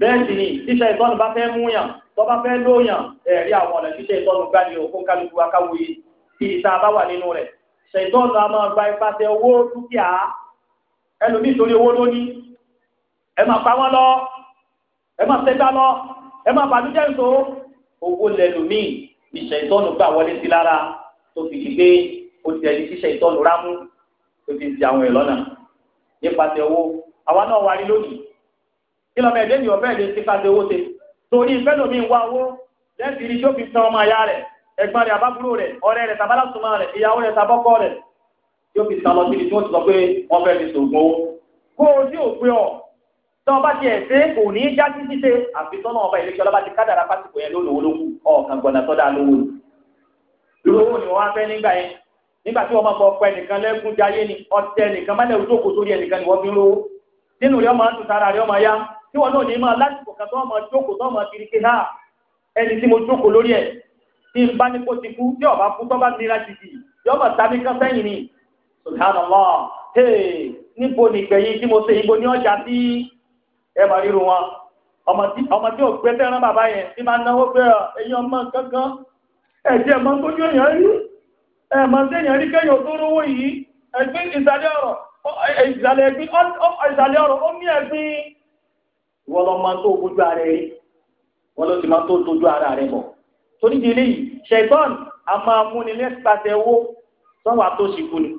bẹ́ẹ̀ sì ni tíṣẹ́ ìtọ́nù bá fẹ́ mú yàn tó bá fẹ́ lóyàn ẹ̀rí àwọn ọ̀nà tíṣẹ́ ìtọ́nù gbá ní òkú kálukú akáwo yìí kí ìta bá wà nínú rẹ̀ ṣe ìtọ́nù a máa gba ipasẹ̀ owó dúkìá ẹlòmíì torí owó lóní ẹ máa pa wọ́n lọ ẹ máa ṣẹ́gbá lọ ẹ máa bàdújẹ́ ìṣó owó lẹ́lòmíì ní ṣe ìtọ́nù gbà wọlé sí lára tó fi di pé ó ti ẹni tíṣẹ́ ìtọ́nù rámú tó fi di àwọn ẹ̀ lọ́nà nípasẹ̀ owó àwa náà wà rí lónìí kí lọ́mọ ẹ̀dẹ́ ni ọ̀fẹ́ lè ti pàṣẹ owó ṣe torí ìfẹ́ lómi ń wá owó lẹ́sìn irí tó fi tan ọmọ aya rẹ̀ ẹ̀gbọ́n rẹ̀ àbábúrò rẹ̀ ọ̀rẹ́ rẹ̀ tàbálàtúmọ̀ rẹ̀ ìyàwó rẹ̀ tàbọ́kọ rẹ̀ yóò fi tan lọ síbi tí wọ́n ti sọ pé wọ́n fẹ́ fi sògùn owó kó o sí òpin ọ̀ tọ́ ọba ti ẹ̀sẹ̀ kò ní í já sí ṣíṣe àfi tọ́nà ọba ìlẹ́kẹ́ ọlọ́ba ti kádàrá pásítọ̀ yẹn lólòó ló kù ọ̀kan gbọ̀nà tọ́da lówó ni irú owó ni wọ́n á fẹ́ nígbà yẹn nígbà tí wọ́n máa fọ ọpọ ẹnìkan lẹ́kún ni ọtẹ ẹnìkan má lẹ́wọ́ jókòó sórí ẹnìkan ni wọ́n fi ń lówó nínú rẹ̀ ọmọ àtúntà ara rẹ̀ ọmọ ya tí wọn náà ní máa lásìkò kan tó wọn máa jókòó tó wọn máa kiri ké náà ẹni tí mo jókòó lórí ẹ̀ tí bá ní ti kú tí ọba kú tó bá nira jìjì yọ ọmọ tàbí kan sẹ́yìn ni subhanallah hey níbo nìgbẹ̀yìn tí mo ibo ní ọjà tí ẹ máa ríru wọn ọmọ tí bàbá yẹn tí máa náwó pé ọmọ kankan ẹ̀jẹ̀ èèyàn rí èèyàn rí kẹ́yìn yìí ìsàlẹ̀ ọ̀rọ̀ ó ìwọ lọ máa tó ojú ara rẹ wọn ló ti máa tó dojú ara rẹ bọ̀ torí di eléyìí a máa mú ni lẹ́sìpàṣẹ owó sọ́wọ́ àtòsí kù ni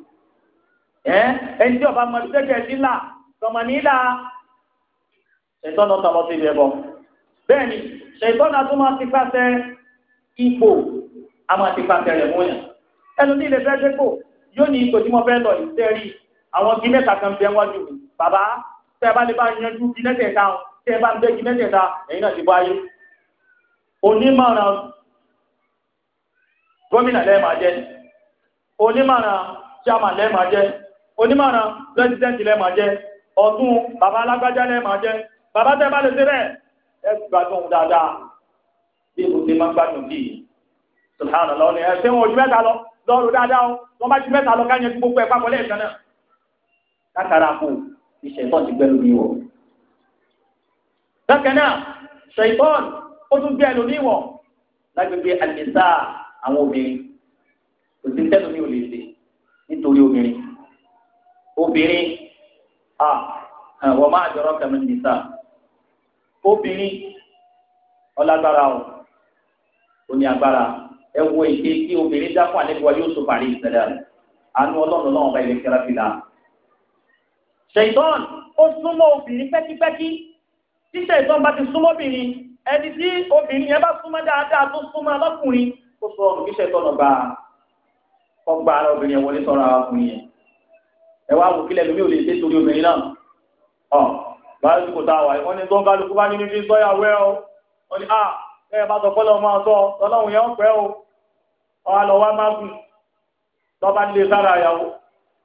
ẹni tí ọba máa tẹ́tẹ́ nílà tọmọ nílà ṣẹ̀tọ́n náà tọmọ sí ibẹ̀ bọ̀ bẹ́ẹ̀ ni ṣẹ̀tọ́n náà tó máa ti pàṣẹ ipò a máa ti pàṣẹ rẹ̀ mú yàn ẹnu ní ilé fẹ́ dépò yóò ní ipò tí mo fẹ́ lọ ìtẹ́rí àwọn bí mẹ́ta kan bẹ́ẹ̀ wájú bàbá tẹ́ ẹ bá lè bá yanjú bí mẹ́tẹ̀ẹ̀ta wọn tẹ́ ẹ bá ń gbégi mẹ́tẹ̀ẹ̀ta ẹ̀yin náà ti bọ́ onímọ̀ràn gómìnà lẹ́ẹ̀máa jẹ́ onímọ̀ràn chairman lẹ́ẹ̀máa jẹ́ onímọ̀ràn president jẹ́ ọdún bàbá alágbájá ma jẹ́ bàbá tẹ́ bá lè ṣe bẹ́ẹ̀ ẹ bákan náà ṣèpọ́n ó tún gbé ẹlòmíì wọ̀ lágbègbè àlèsà àwọn obìnrin kò sí tẹ́lómi ò lè ṣe nítorí obìnrin obìnrin wọ́n máa jọrọ kẹ́mi nìsa obìnrin ọlágbára o ò ní agbára ẹ wo èké tí obìnrin dá fún àlejò wa yóò so parí ìṣẹ̀lẹ̀ àánú ọlọ́run náà ọba ìlẹ̀kẹ́rẹ́ fi la ṣèyítọ́n ó súnmọ́ obìnrin pẹ́kípẹ́kí tíṣẹ́ ìtàn bá ti súnmọ́ obìnrin ẹni tí obìnrin yẹn bá súnmọ́ dáadáa tó súnmọ́ lọ́kùnrin ó sọ ọ̀rọ̀ tíṣẹ́ ìtàn ọgbà ọgbà ara obìnrin yẹn wọlé sọ́ra ọkùnrin yẹn ẹ wá wò kílẹ̀ lómi ò lè dé torí obìnrin náà ọ báyọ̀ tí kò tá a wà wọ́n ní tó ń kálukú bá nínú fi sọ́yà wẹ́ o wọ́n ní à ẹ bá sọ fọ́lọ́ máa sọ ọlọ́run yẹn ń pẹ́ o ọ̀hà lọ́wọ́ máa kù lọ́ba nílé sára ìyàwó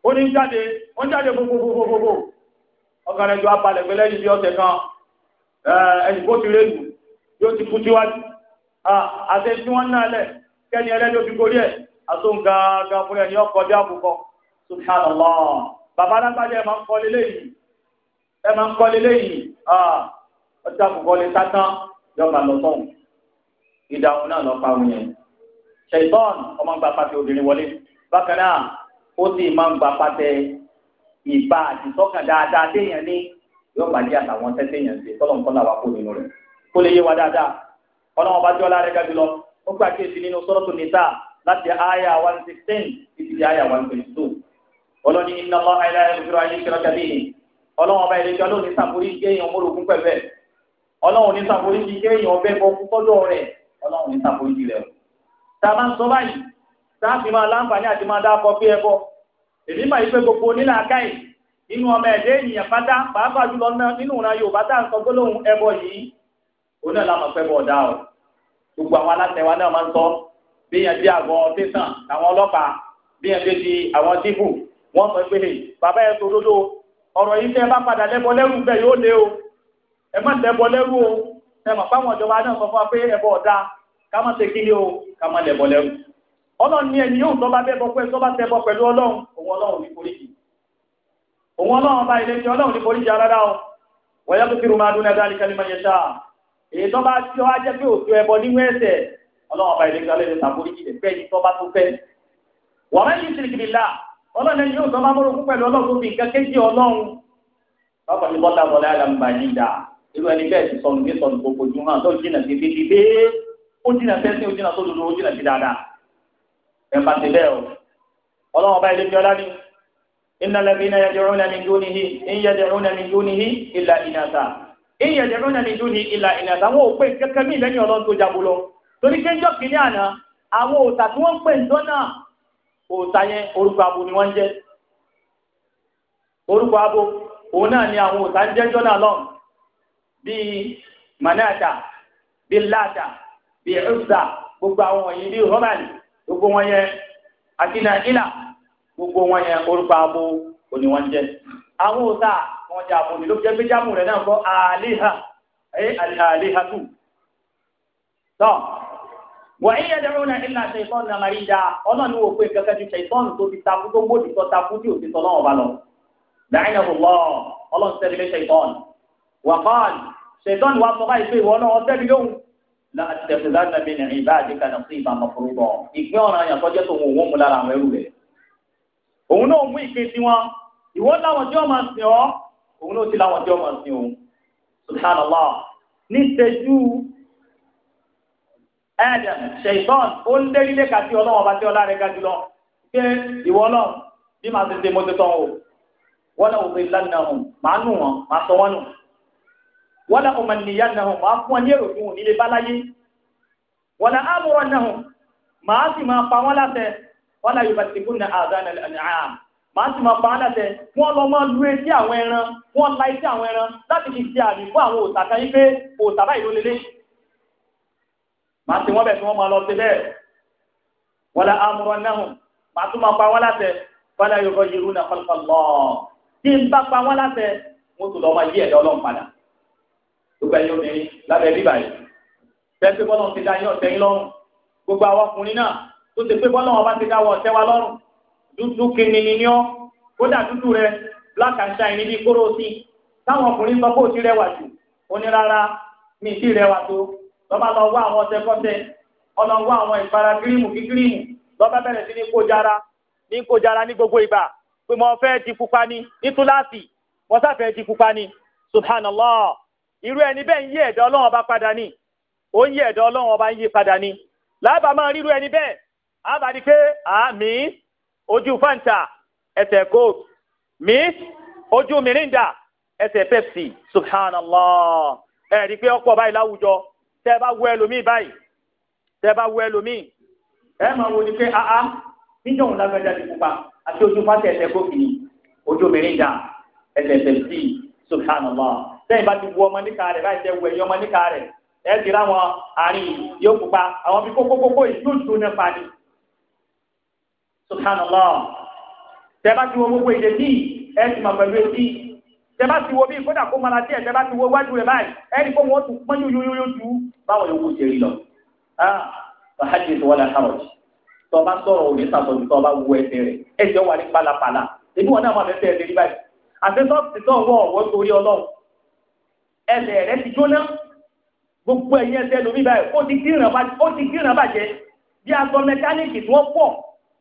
ó ní jáde ó ń jáde gbogbogbogbogbò ọkàn rẹ̀ ju abalẹ̀ pẹ́lẹ́ yìí bí ọ̀sẹ̀ kan Eh, ẹnìkó ti rédù yóò ti kú síwájú ah, àti tí wọ́n náà lẹ̀ kẹ́ni ẹlẹ́dọ̀ fi gorí ẹ̀ àtún gàgà fún ẹni ọkọ̀ bí àbùkọ subhanallah bàbá alágbájá ẹ máa ń kọ́ lélẹ̀ yìí ẹ máa ń kọ́ lélẹ̀ yìí ah, ọjọ́ àbùkọ lè sátán yọba lọ́tọ̀ọ̀n ìdáhùn náà lọ́ọ́ parun yẹn ṣèitán ọmọ ń gba pàtẹ obìnrin wọlé bákan náà ó sì dáadáa déèyàn ní yóò bàjẹ́ àtàwọn tẹ́tẹ́ yẹn ṣe tọ́lọ̀ nǹkan làwọn kó nínú rẹ̀ kó lè yé wa dáadáa ọlọ́wọ́n bá jọ́ lára ẹ̀ka jùlọ ó gbà kéèsì nínú suratu nisa láti àyà one sixteen títí di àyà one twenty two ọlọ́ni iná lọ àyà ẹ̀rọ ayé kẹrọ kẹbí ni ọlọ́wọ́n bá ìrẹsì ọlọ́run ní sàkórí kéèyàn mórogún pẹ̀fẹ́ ọlọ́run ní sàkórí kéèyàn ọbẹ̀ bọ́ kúkọ́dọ̀ rẹ̀ ọlọ́run ní sàkórí rẹ̀ o tá a máa ń sọ báyìí tá a fi máa láǹfààní àti máa dá akọ bí ẹbọ èmi máa yí pé gbogbo onílà káyìí nínú ọmọ ẹ̀dẹ́ ènìyàn pátá pàápàá jùlọ nínú ìran Yorùbá tá à ń sọ gbólóhùn ẹbọ yìí òun náà la mọ̀ pé bọ̀ ọ̀dà o gbogbo àwọn alátẹ̀wá náà máa ń sọ bíyàn bí àwọn tẹ̀sán àwọn ọlọ́pàá bíyàn bí di àwọn díbù wọ́n sọ pé bàbá ẹ̀ tó dódó ọ̀rọ̀ yìí tẹ́ ẹ bá padà lẹ́bọ lẹ́rù bẹ́ẹ̀ yóò lé o ẹ má lẹ́bọ lẹ́rù o ẹ mọ̀ fáwọn ìjọba náà sọ fún wa pé ẹbọ ọ̀dà ká má ṣe kíni o ká má lẹ́bọ lẹ́rù ọlọ́run ní ẹni yóò tọ́ bá bẹ́ẹ̀ bọ́ pé tọ́ bá tẹ́ bọ́ pẹ̀lú ọlọ́run òun ọlọ́run ní kórìkì òun ọlọ́run bá ilé tí ọlọ́run ní foríjì alára o wọ̀yá tó kírun máa dún ẹgbẹ́ alikẹ́lẹ́ máa yẹ ṣáà èyí tó bá tí ó wá jẹ́ pé òtún ẹbọ nínú ẹsẹ̀ ọlọ́run bá ilé tí ọlọ́run ta foríjì rẹ̀ fẹ́ yìí tó bá tó fẹ́. wọ́n mẹ́rin ṣe kìlì la ọlọ́run yóò tọ́ máa mọ́rọ̀kú pẹ̀lú ọlọ́run tó fi nǹkan kéjì ọlọ́run. bákan ní bọ́lá bọ́lá àlàmbà yìí dà irú ẹni bẹ́ẹ̀ ti sọnù bí sọnù gbogbo ju hàn tó jìnà sí fi dìde ó jìnà sẹ́sìn ó jìnà sódodo ó jìnà sí إن الذين يدعون من دونه إن يدعون من دونه إلا إناثا إن يدعون من دونه إلا إناثا wọn ò pè kankan mí lẹ́yìn ọlọ́run tó jabu lọ torí kéjọ́ kìíní àná àwọn òòtà tí wọ́n ń pè ń dọ́nà òòtà yẹn orúkọ abo ni wọ́n ń jẹ́ orúkọ abo òun náà ni àwọn òòtà ń jẹ́ jọ́nà lọ́n bíi manata bíi lata bíi ẹ̀rọ̀sà gbogbo àwọn wọ̀nyí bíi roman gbogbo wọn yẹn àti nàìjíríà gbogbo wọn yẹn orúkọ abo òní wọn jẹ àwọn òòtà wọn jẹ abo ní ló jẹ pé jámù rẹ náà kọ àléhà ẹ àléhà tù tọ wọ́n yẹ dẹ́rù náà ilà ṣèṣọ́nù àmàríjà ọlọ́ọ̀ni wò pé kankan ju ṣèṣọ́nù tó ti takú tó gbòdì tó takú tí ò ti sọ lọ́wọ́ ba lọ. dàáyìn náà wọ̀ ọlọ́ọ̀ni sẹ́ni lé ṣèṣọ́nù wà kọ́ọ̀lù ṣèṣọ́nù wà sọ báyìí pé ìwọ náà ọ̀sẹ́ni lóhùn láti tẹ̀síláàmì ní ìbá àdìkànnà sí ìbámu fúrúbọ̀ ìpín ọ̀ràn àyànfọ́jẹ́ tó wọ̀ wọ́n mu lára àwọn ẹrú rẹ̀ òun náà mú ìpín tiwọn ìwọ láwọn tí wọ́n máa sìn ọ́ òun náà ti láwọn tí wọ́n máa sìn òun subhanallah ní ìṣẹ́jú adam ṣèṣọ́n ó ń lérí lẹ́ka sí ọlọ́run ọba tí ọlá rẹ̀ ga jùlọ pé ìwọ ọlọ́run bí màá ti ṣe mo ti tán o wọ́n náà òfin lánàá hùn màá nù wọn màá sọ wọn nù wọ́n náà òmà nìyá náà hùn màá fún ọ ní èrò fún òun nílé báláyé wọ́n náà àmúrọ̀ náà hùn màá sì máa pa wọ́n láṣẹ wọ́n láyé bá ti kún ní àdánà àníhàn màá sì máa pa á láṣẹ wọ́n lọ máa lu etí àwọn ẹran wọ́n la etí àwọn ẹran láti fi ṣe àmì fún àwọn òòtà kan yí pé òòtà báyìí ló lélẹ̀ màá sì wọ́n bẹ̀ tí wọ́n máa lọ sí bẹ́ẹ̀ wọ́n lá amúrọ̀ náà màá tún máa pa wọ́n láṣẹ wọ́n láyé bá yẹrù náà kọ́lọ́kọ́lọ́ tí n bá pa wọ́n láṣẹ wọ́n tún lọ máa yí ẹ̀dá ọlọ́run padà gbogbo ẹ̀yin obìnrin lábẹ́ tó ṣe pé bọ́lá wọn bá ti dáwọ́ ọ̀tẹ́ wa lọ́rùn dúdú kìnìún ni ọ́ kódà dúdú rẹ black and shine níbi kóró sí táwọn ọkùnrin sọ pé ò ti rẹwà jù ó ní rárá mi ti rẹwà tó lọ́ba lọ wá àwọn ọ̀tẹ kọ́tẹ ọlọ́wọ́ àwọn ìpara kírímù kí kírímù lọ́ba bẹ̀rẹ̀ sí ní kójára ní kójára ní gbogbo ìgbà pé mo fẹ́ di pupa ni ní túláàsì mo sáfẹ́ di pupa ni subhanallah irú ẹni bẹ́ẹ̀ ń yí ẹ̀dá ọlọ́run ọba padà ni ó ń yí ẹ̀dá ọlọ́run ọba ń yí padà ni lábàá máa ríru ẹni bẹ́ẹ̀ àbàdí a mi oju fanta ẹsẹ̀ coke mi oju mirinda ẹsẹ̀ pepsi subhanallah ẹ̀rí pé ọ̀pọ̀ báyìí láwùjọ tẹ́ bá wọ ẹlòmíì báyìí tẹ́ bá wọ ẹlòmíì ẹ máa wo ni pé aa níjọ́ òun lágbájá ti pupa àti ojú fanta ẹsẹ̀ coke ni oju mirinda ẹsẹ̀ pepsi subhanallah sẹ́yìn bá ti wọ ọmọ níka rẹ̀ báyìí tẹ́ wọ ẹ̀yìn ọmọ níka rẹ̀ ẹ̀ ti ráwọn àárín yóò pupa àwọn bí kókókókó yìí yóò dún náà pa ni subhanallah tẹ́ bá ti wo gbogbo èdè bíi ẹ ti mọ̀ pẹ̀lú etí tẹ́ bá ti wo bíi kódà kó mara díẹ̀ tẹ́ bá ti wo wájú rẹ̀ báyìí ẹni kó wọn tún pọ́n yóyóyó ju báwọn yòókù ṣe rí lọ. fàájì tó wọlé àkàrọ̀jì tó bá sọ̀rọ̀ òní sàtọ̀jù tó bá wo ẹsẹ̀ rẹ̀ ẹsẹ̀ wà ní pálapàla èmi wọn náà máa fẹ́ fẹ́ ẹsẹ̀ báyìí àti sọ́ọ̀tì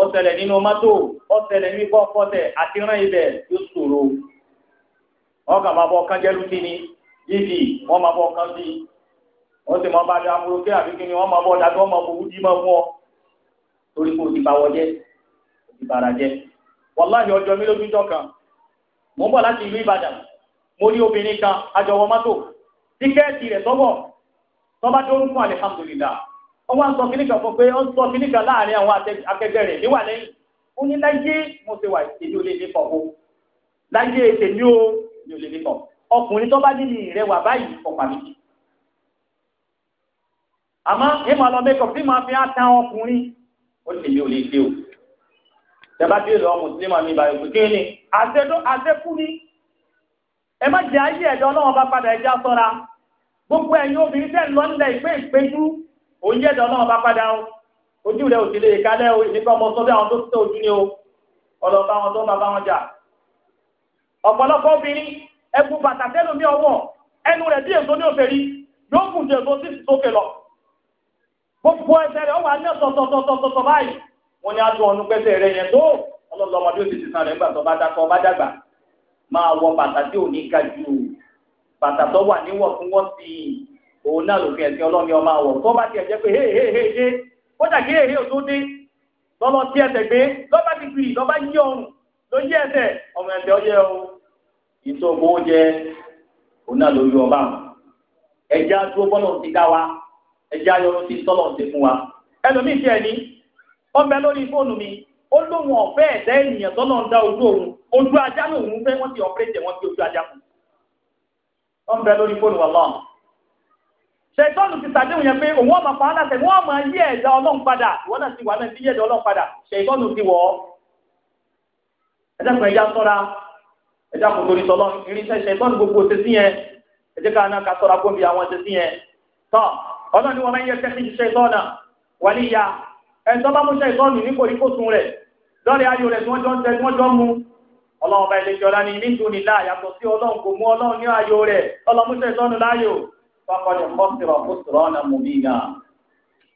ọ̀sẹ̀lẹ̀ nínú mọ́tò ọ̀sẹ̀lẹ̀ nínú ikọ́ pọ́tẹ̀ àti rán ibẹ̀ yóò ṣòro wọn kà máa bọ kán jẹ́rú kí ni yíbi wọn máa bọ kán bí wọn sì máa bá dá amúrò kí àbí kí ni wọn máa bọ dàbí wọn máa bọ wúdí máa fún ọ torí kò dìbà wọ jẹ dìbà rà jẹ wàláhì ọjọ́ mi lójújọ kan mò ń bọ̀ láti ìlú Ìbàdàn mo rí obìnrin kan àjọwọ́ mọ́tò tíkẹ́ẹ̀tì rẹ̀ sọ́bọ̀ tọ́ba tó ń wọ́n wá ń sọ kíníkà fún pé wọ́n sọ kíníkà láàrin àwọn akẹgbẹ́ rẹ̀ níwà lẹ́yìn ó ní láyé mo ti wà èmi ò lè ní kọ̀ o láyé èmi ò o ò lè ní kọ̀ ọkùnrin tó bá ní ní ìrẹwà báyìí ọ̀pá mi. àmọ́ ẹ máa lọ mẹ́kọ̀ tí màá fi ata ọkùnrin ó sì ò lè gbé o. ìjọba tí ìlú ọmọ sílẹ̀ máa mi bá yòókù kí ni àṣekú ni ẹ má jẹ́ ayé ẹ̀dọ́ ọlọ́run bá padà ẹja sọ́ra gbogbo ẹ̀yin obìnrin tẹ̀ lọ́nlẹ̀ ìpé ìpéjú oúnjẹ dán náà bá padà o ojú rẹ ò sì lè dị o nípa ọmọ sọ́dọ̀ àwọn tó tẹ ojú ni o ọ̀dọ̀ bá wọn tó ń bá wọn jà ọpọlọpọ obìnrin ẹkú bàtà tẹ́lómi ọwọ́ ẹnu rẹ díẹ̀ tó ní òfèrí yóò sókè lọ gbogbo báyìí tún tó Ọlọlọ ti san nígbà tó bá dá wọ bàtà tí ò òun náà lòfin ẹ̀sìn ọlọ́ni ọmọ àwọ̀ tó bá tiẹ̀ jẹ́ pé hey hey hey hey tó dé lọ́lọ́ tí ẹsẹ̀ gbé lọ́ba ti gbìyì lọ́ba yí ọrùn ló yí ẹsẹ̀ ọmọ ẹ̀sẹ̀ ọyẹ o ìtò owó jẹ òun náà ló yọ ọba àwọn tó bọ́lọ̀ ti dá wa ẹja yọ ti tọ́lọ̀ ti fún wa ẹlòmíì tiẹ̀ ní ọbẹ̀ lórí fóònù mi ó lóun ọ̀fẹ́ ẹ̀dá ènìyàn tọ́lọ̀ ń ṣètọ́nù ti sàdéhùn yẹn pé òun ọmọ pa aláṣẹ wọn ọmọ yí ẹ̀dá ọlọ́run padà wọn náà ti wà náà ti yí ẹ̀dá ọlọ́run padà ṣètọ́nù ti wọ̀ ọ́. ẹ dákun ẹja sọ́ra ẹ dákun torí sọlọ irinṣẹ́ ṣètọ́nù gbogbo ṣe sí yẹn ẹ jẹ́ ká náà ká sọ́ra gómìnà àwọn ṣe sí yẹn. tọ́ ọlọ́run ni wọ́n máa ń yẹ kẹ́sì ṣètọ́nà wàlíyà ẹ̀ńtọ́ bá mú ṣètọ́nù ní kòríkòsùn rẹ̀ lọ́rẹ̀ ayò rẹ̀ tí wọ́n jọ ń tẹ jọ ń mu fákọ́lẹ̀ kọ́sìrọ̀ kọ́sìrọ̀ ọ̀nà mòmí náà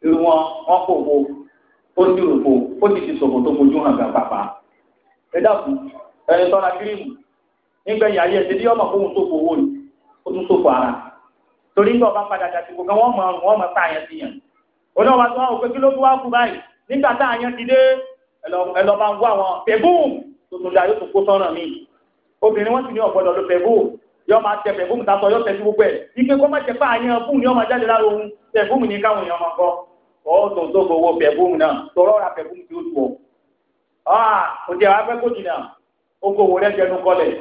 irú wọn wọn kò wo ó ní òfò ó ti ti sòfò tó fojú hàn gàn pàpà ẹ dàkú ẹni tọ́ra kírímù nígbẹ̀yìn ayé ẹ̀sẹ̀ tí ọmọ kó ń sòfò owó yìí ó tún sòfò ara torí ń bọ̀ bá padà dàsìkò kan wọ́n mọ wọ́n mọ tá àyàn ti yàn oníwọ̀n bá tó wọn ò kí ló tó wá kú báyìí nígbà tá àyàn ti dé ẹ ń wá wọn pẹ̀bùm tuntun dà yóò tún kó sọ́ràn mi obìnrin wọn ti ní ọ̀gbọ́dọ̀ ló yọ máa tẹ pẹ̀fúmù tàtọ̀ yọ tẹ̀sí gbogbo ẹ̀ ipe kó má jẹ́ pé àyàn fún ni ọmọ jáde lára ohun pẹ̀fúmù ní káwọn èèyàn máa kọ́ ọ́ tó tó gbowó pẹ̀fúmù náà tọrọ ra pẹ̀fúmù tí ó tù ọ́ ó jẹ́ wá pẹ́ kó jìnnà ó kó owó rẹ̀ jẹnu kọlẹ̀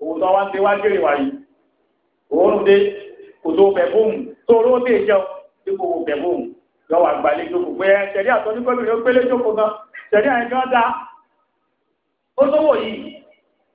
òun tó wá ń ṣe wá jèrè wáyé òórùn dé kò tó pẹ̀fúmù tóró dé jẹun tí kò wò pẹ̀fúmù yọ wà gbalẹ̀ jókòó pé ṣẹ̀rí àtọ́níkọ́bìnrin ó pélé jókòó gan ṣẹ̀rí àyẹ̀kọ́ da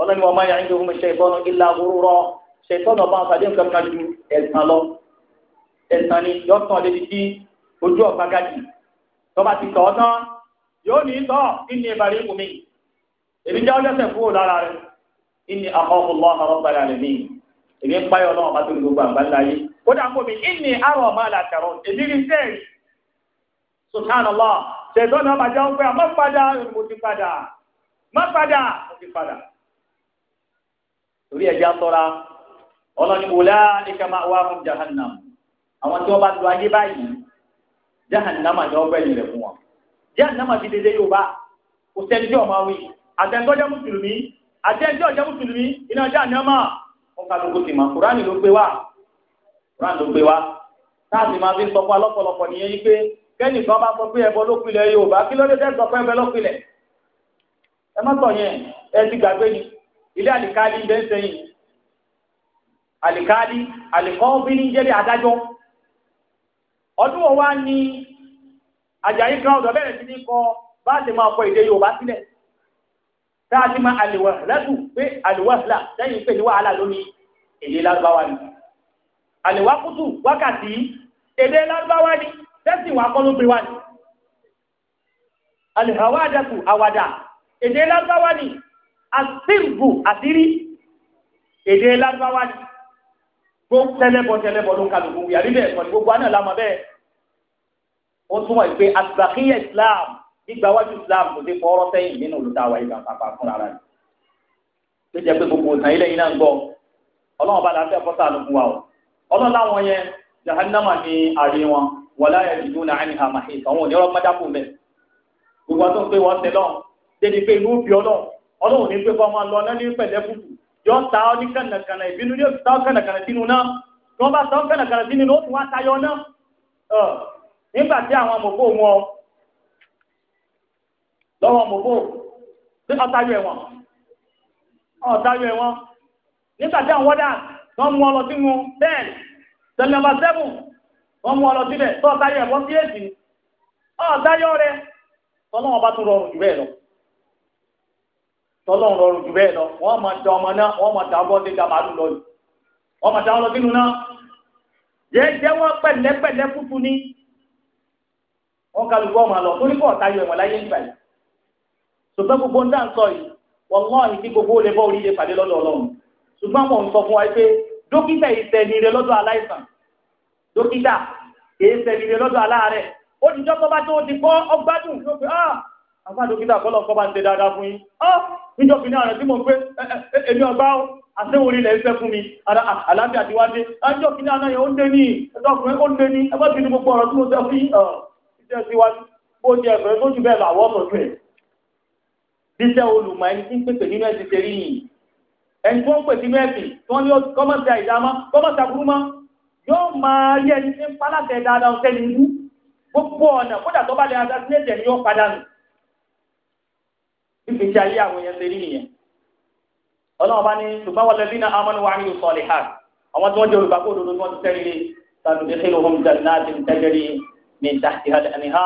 ọlọ́ni wọn máa yà ń dohun ṣe ìbọnú ilà òróró ṣe ìtọ́nà bá ń pàdé nǹkan kan ju ẹ̀sán lọ ẹ̀sán ni yọ tán lè fi ojú ọ̀pá gàdì tọ́ba ti tọ̀ ọ́ tán yóò ní tọ́ ìní ìbàrí ikùn mi èmi jẹ́ ọlọ́sẹ̀ kúrò lára rẹ̀ ìní àkọ́kọ́ lọ́wọ́ ọ̀rọ̀ padà rẹ̀ mí èmi ń páyọ̀ náà pàtó gbogbo àgbáńlá yé kódà kó mi ìní àrọ̀ máa là èmi rí sẹ́ẹ̀rì torí ẹ̀já sọ́ra ọlọ́ni wòlá nìkan máa wá fún jahannam àwọn tí wọ́n bá lo ayé báyìí jahannam àti ọgbẹ́ yìí rẹ̀ fún wọn jahannam àti dédé yorùbá kò sẹ́ni tí ọmọ wí àtẹnudọ́jẹ́ mùsùlùmí àtẹnudọ́jẹ́ mùsùlùmí iná jahannam wọn kà lóko tì mà kúránì ló gbé wá kúránì ló gbé wá táàbì máa fi sọ fún alọ́pọ̀lọpọ̀ nìyẹn yìí pé kẹ́nìkan bá sọ pé ẹbọ lópinlẹ̀ yorùbá kí ló dé tẹ́ sọ pé ẹ má sọ yẹn ẹ ti gbàgbé ni ilé àlìkáàlì ń bẹ ń sẹ́yìn àlìkáàlì àlìkọ́ọ́bí ní jẹ́rìí adájọ́ ọdún wọn wá ní àjàyí kan ọ̀dọ̀ bẹ̀rẹ̀ sí ní kọ bá ti máa kọ èdè Yorùbá sílẹ̀ tá a ti máa àlìwà lẹ́tù pé àlìwà fìlà sẹ́yìn pé ní wàhálà lómi èdè lárúbáwá ni àlìwà kùtù wákàtí èdè lárúbáwá ni tẹ́sìn wà kọ́ ló gbé wá ni àlìhàwá àdàkù àwàdà èdè lárúbáwá ni asírgù àtírí èdè lárúbáwá ni gbogbo tẹlẹbọ tẹlẹbọ ló ń kálukú wí àbí bẹ́ẹ̀ kọ́ni gbogbo àná làmọ́ bẹ́ẹ̀ ó túmọ̀ pé àtìbàkíyà islam gbígbà wájú islam kò sí fọ́ọ́rọ́ sẹ́yìn nínú olùdáwà ìgbà pàpà fúnra rẹ̀ ló jẹ́ pé gbogbo ìtàn ilé yìí náà ń gbọ́ ọlọ́run bá láti ẹ̀kọ́ sáà ló fún wa o ọlọ́run láwọn yẹn jahannama ni àrí wọn wọlá ẹ̀dùnú náà ẹni hàmà ìtàn wọn ò ní ọlọ́pàá dákú mẹ́ gbogbo àtúntò pé wọ́n tẹ lọ́n débi pé inú bí ọlọ́run ọlọ́run ní pé kọ́ máa lọ náà ní pẹ̀lẹ́kùkù yọ ń ta ọ ní kànàkànà ìbínú ní òkúta kànàkànà sínú náà tí wọ́n bá ta ọ kànàkànà sínú ní ó tún wá tayọ náà nígbà tí àwọn mòfó wọn lọ́wọ́ mòfó tí ọ̀tayọ ẹ̀wọ̀n ọ̀tayọ ẹ̀wọ̀n nígbà tí àwọn wọ́dà wọ́n mú ọ lọ sínú bẹ́ẹ̀ sẹlẹ̀mbà sẹ́bù wọ́n mú ọ lọ síbẹ̀ tó ọ̀tayọ ẹ̀wọ̀n sí èsì ọ̀tayọ rẹ̀ tọ́lọ́wọ́n bá tún rọrùn jù bẹ́ẹ̀ lọ tọ́lọ́run rọrùn jù bẹ́ẹ̀ lọ wọ́n máa da ọmọ náà wọ́n máa da ọgbọ́n dídá màálù lọ yìí wọ́n máa da ọlọ́ sínú náà yẹ jẹ́ wọ́n pẹ̀lẹ́pẹ̀lẹ́ kútu ní wọ́n kálukú ọmọ àlọ́ tó ní kọ́ ọ̀tá yọ ẹ̀wọ̀n láyé nígbà yìí ṣùgbọ́n gbogbo ń dá ń sọ yìí wọ́n lọ́ ìdí gbogbo lè bọ́ oríire pàdé lọ́dọ̀ ọlọ́run ṣùgbọ́n mo ń sọ fún wa pé dókítà ìsẹ̀nire lọ́dọ̀ aláìsàn dókítà ìsẹ̀nire lọ́dọ̀ aláàárẹ̀ ó ti jọ́ tó bá tó ti gbọ́ ọgbádùn àbá dókítà kọ́lọ̀ kọ́ bá ń tẹ dáadáa fún yín ọ́ níjọ́ fi ní ààrẹ tí mo pé èmi ọgbà ó àtẹ́wòrí ilẹ̀ ìfẹ́ fún mi àlàáfíà ti wá dé níjọ́ fi ní àná yẹn ó dé ní ẹ̀dọ́kùnrin ó dé ní ẹgbẹ́ ti ní gbogbo ọ̀rọ̀ tí mo sọ fún iṣẹ́ síwájú bó ti ẹ̀fẹ́ tó jù bẹ́ẹ̀ lọ àwọn ọmọdé ẹ̀ díṣẹ́ olùmọ̀ ẹni tí ń pèpè nínú ẹ̀sìn ṣe rí yìí ẹni tí níbi tí ayé àwọn èèyàn ṣe rí nìyẹn ọlọ́run bá ní ṣùgbọ́n wọn lẹ́bí náà amọ́nù wàá nílùú sọ̀lẹ̀ ha àwọn tí wọ́n jẹ́ olùgbàgbọ́ òdodo tí wọ́n ti tẹ́lẹ̀ tàbí ṣe kéèrò ohun jẹ náà ti tẹ́lẹ̀ rí ní ìdáhìí ha ní ha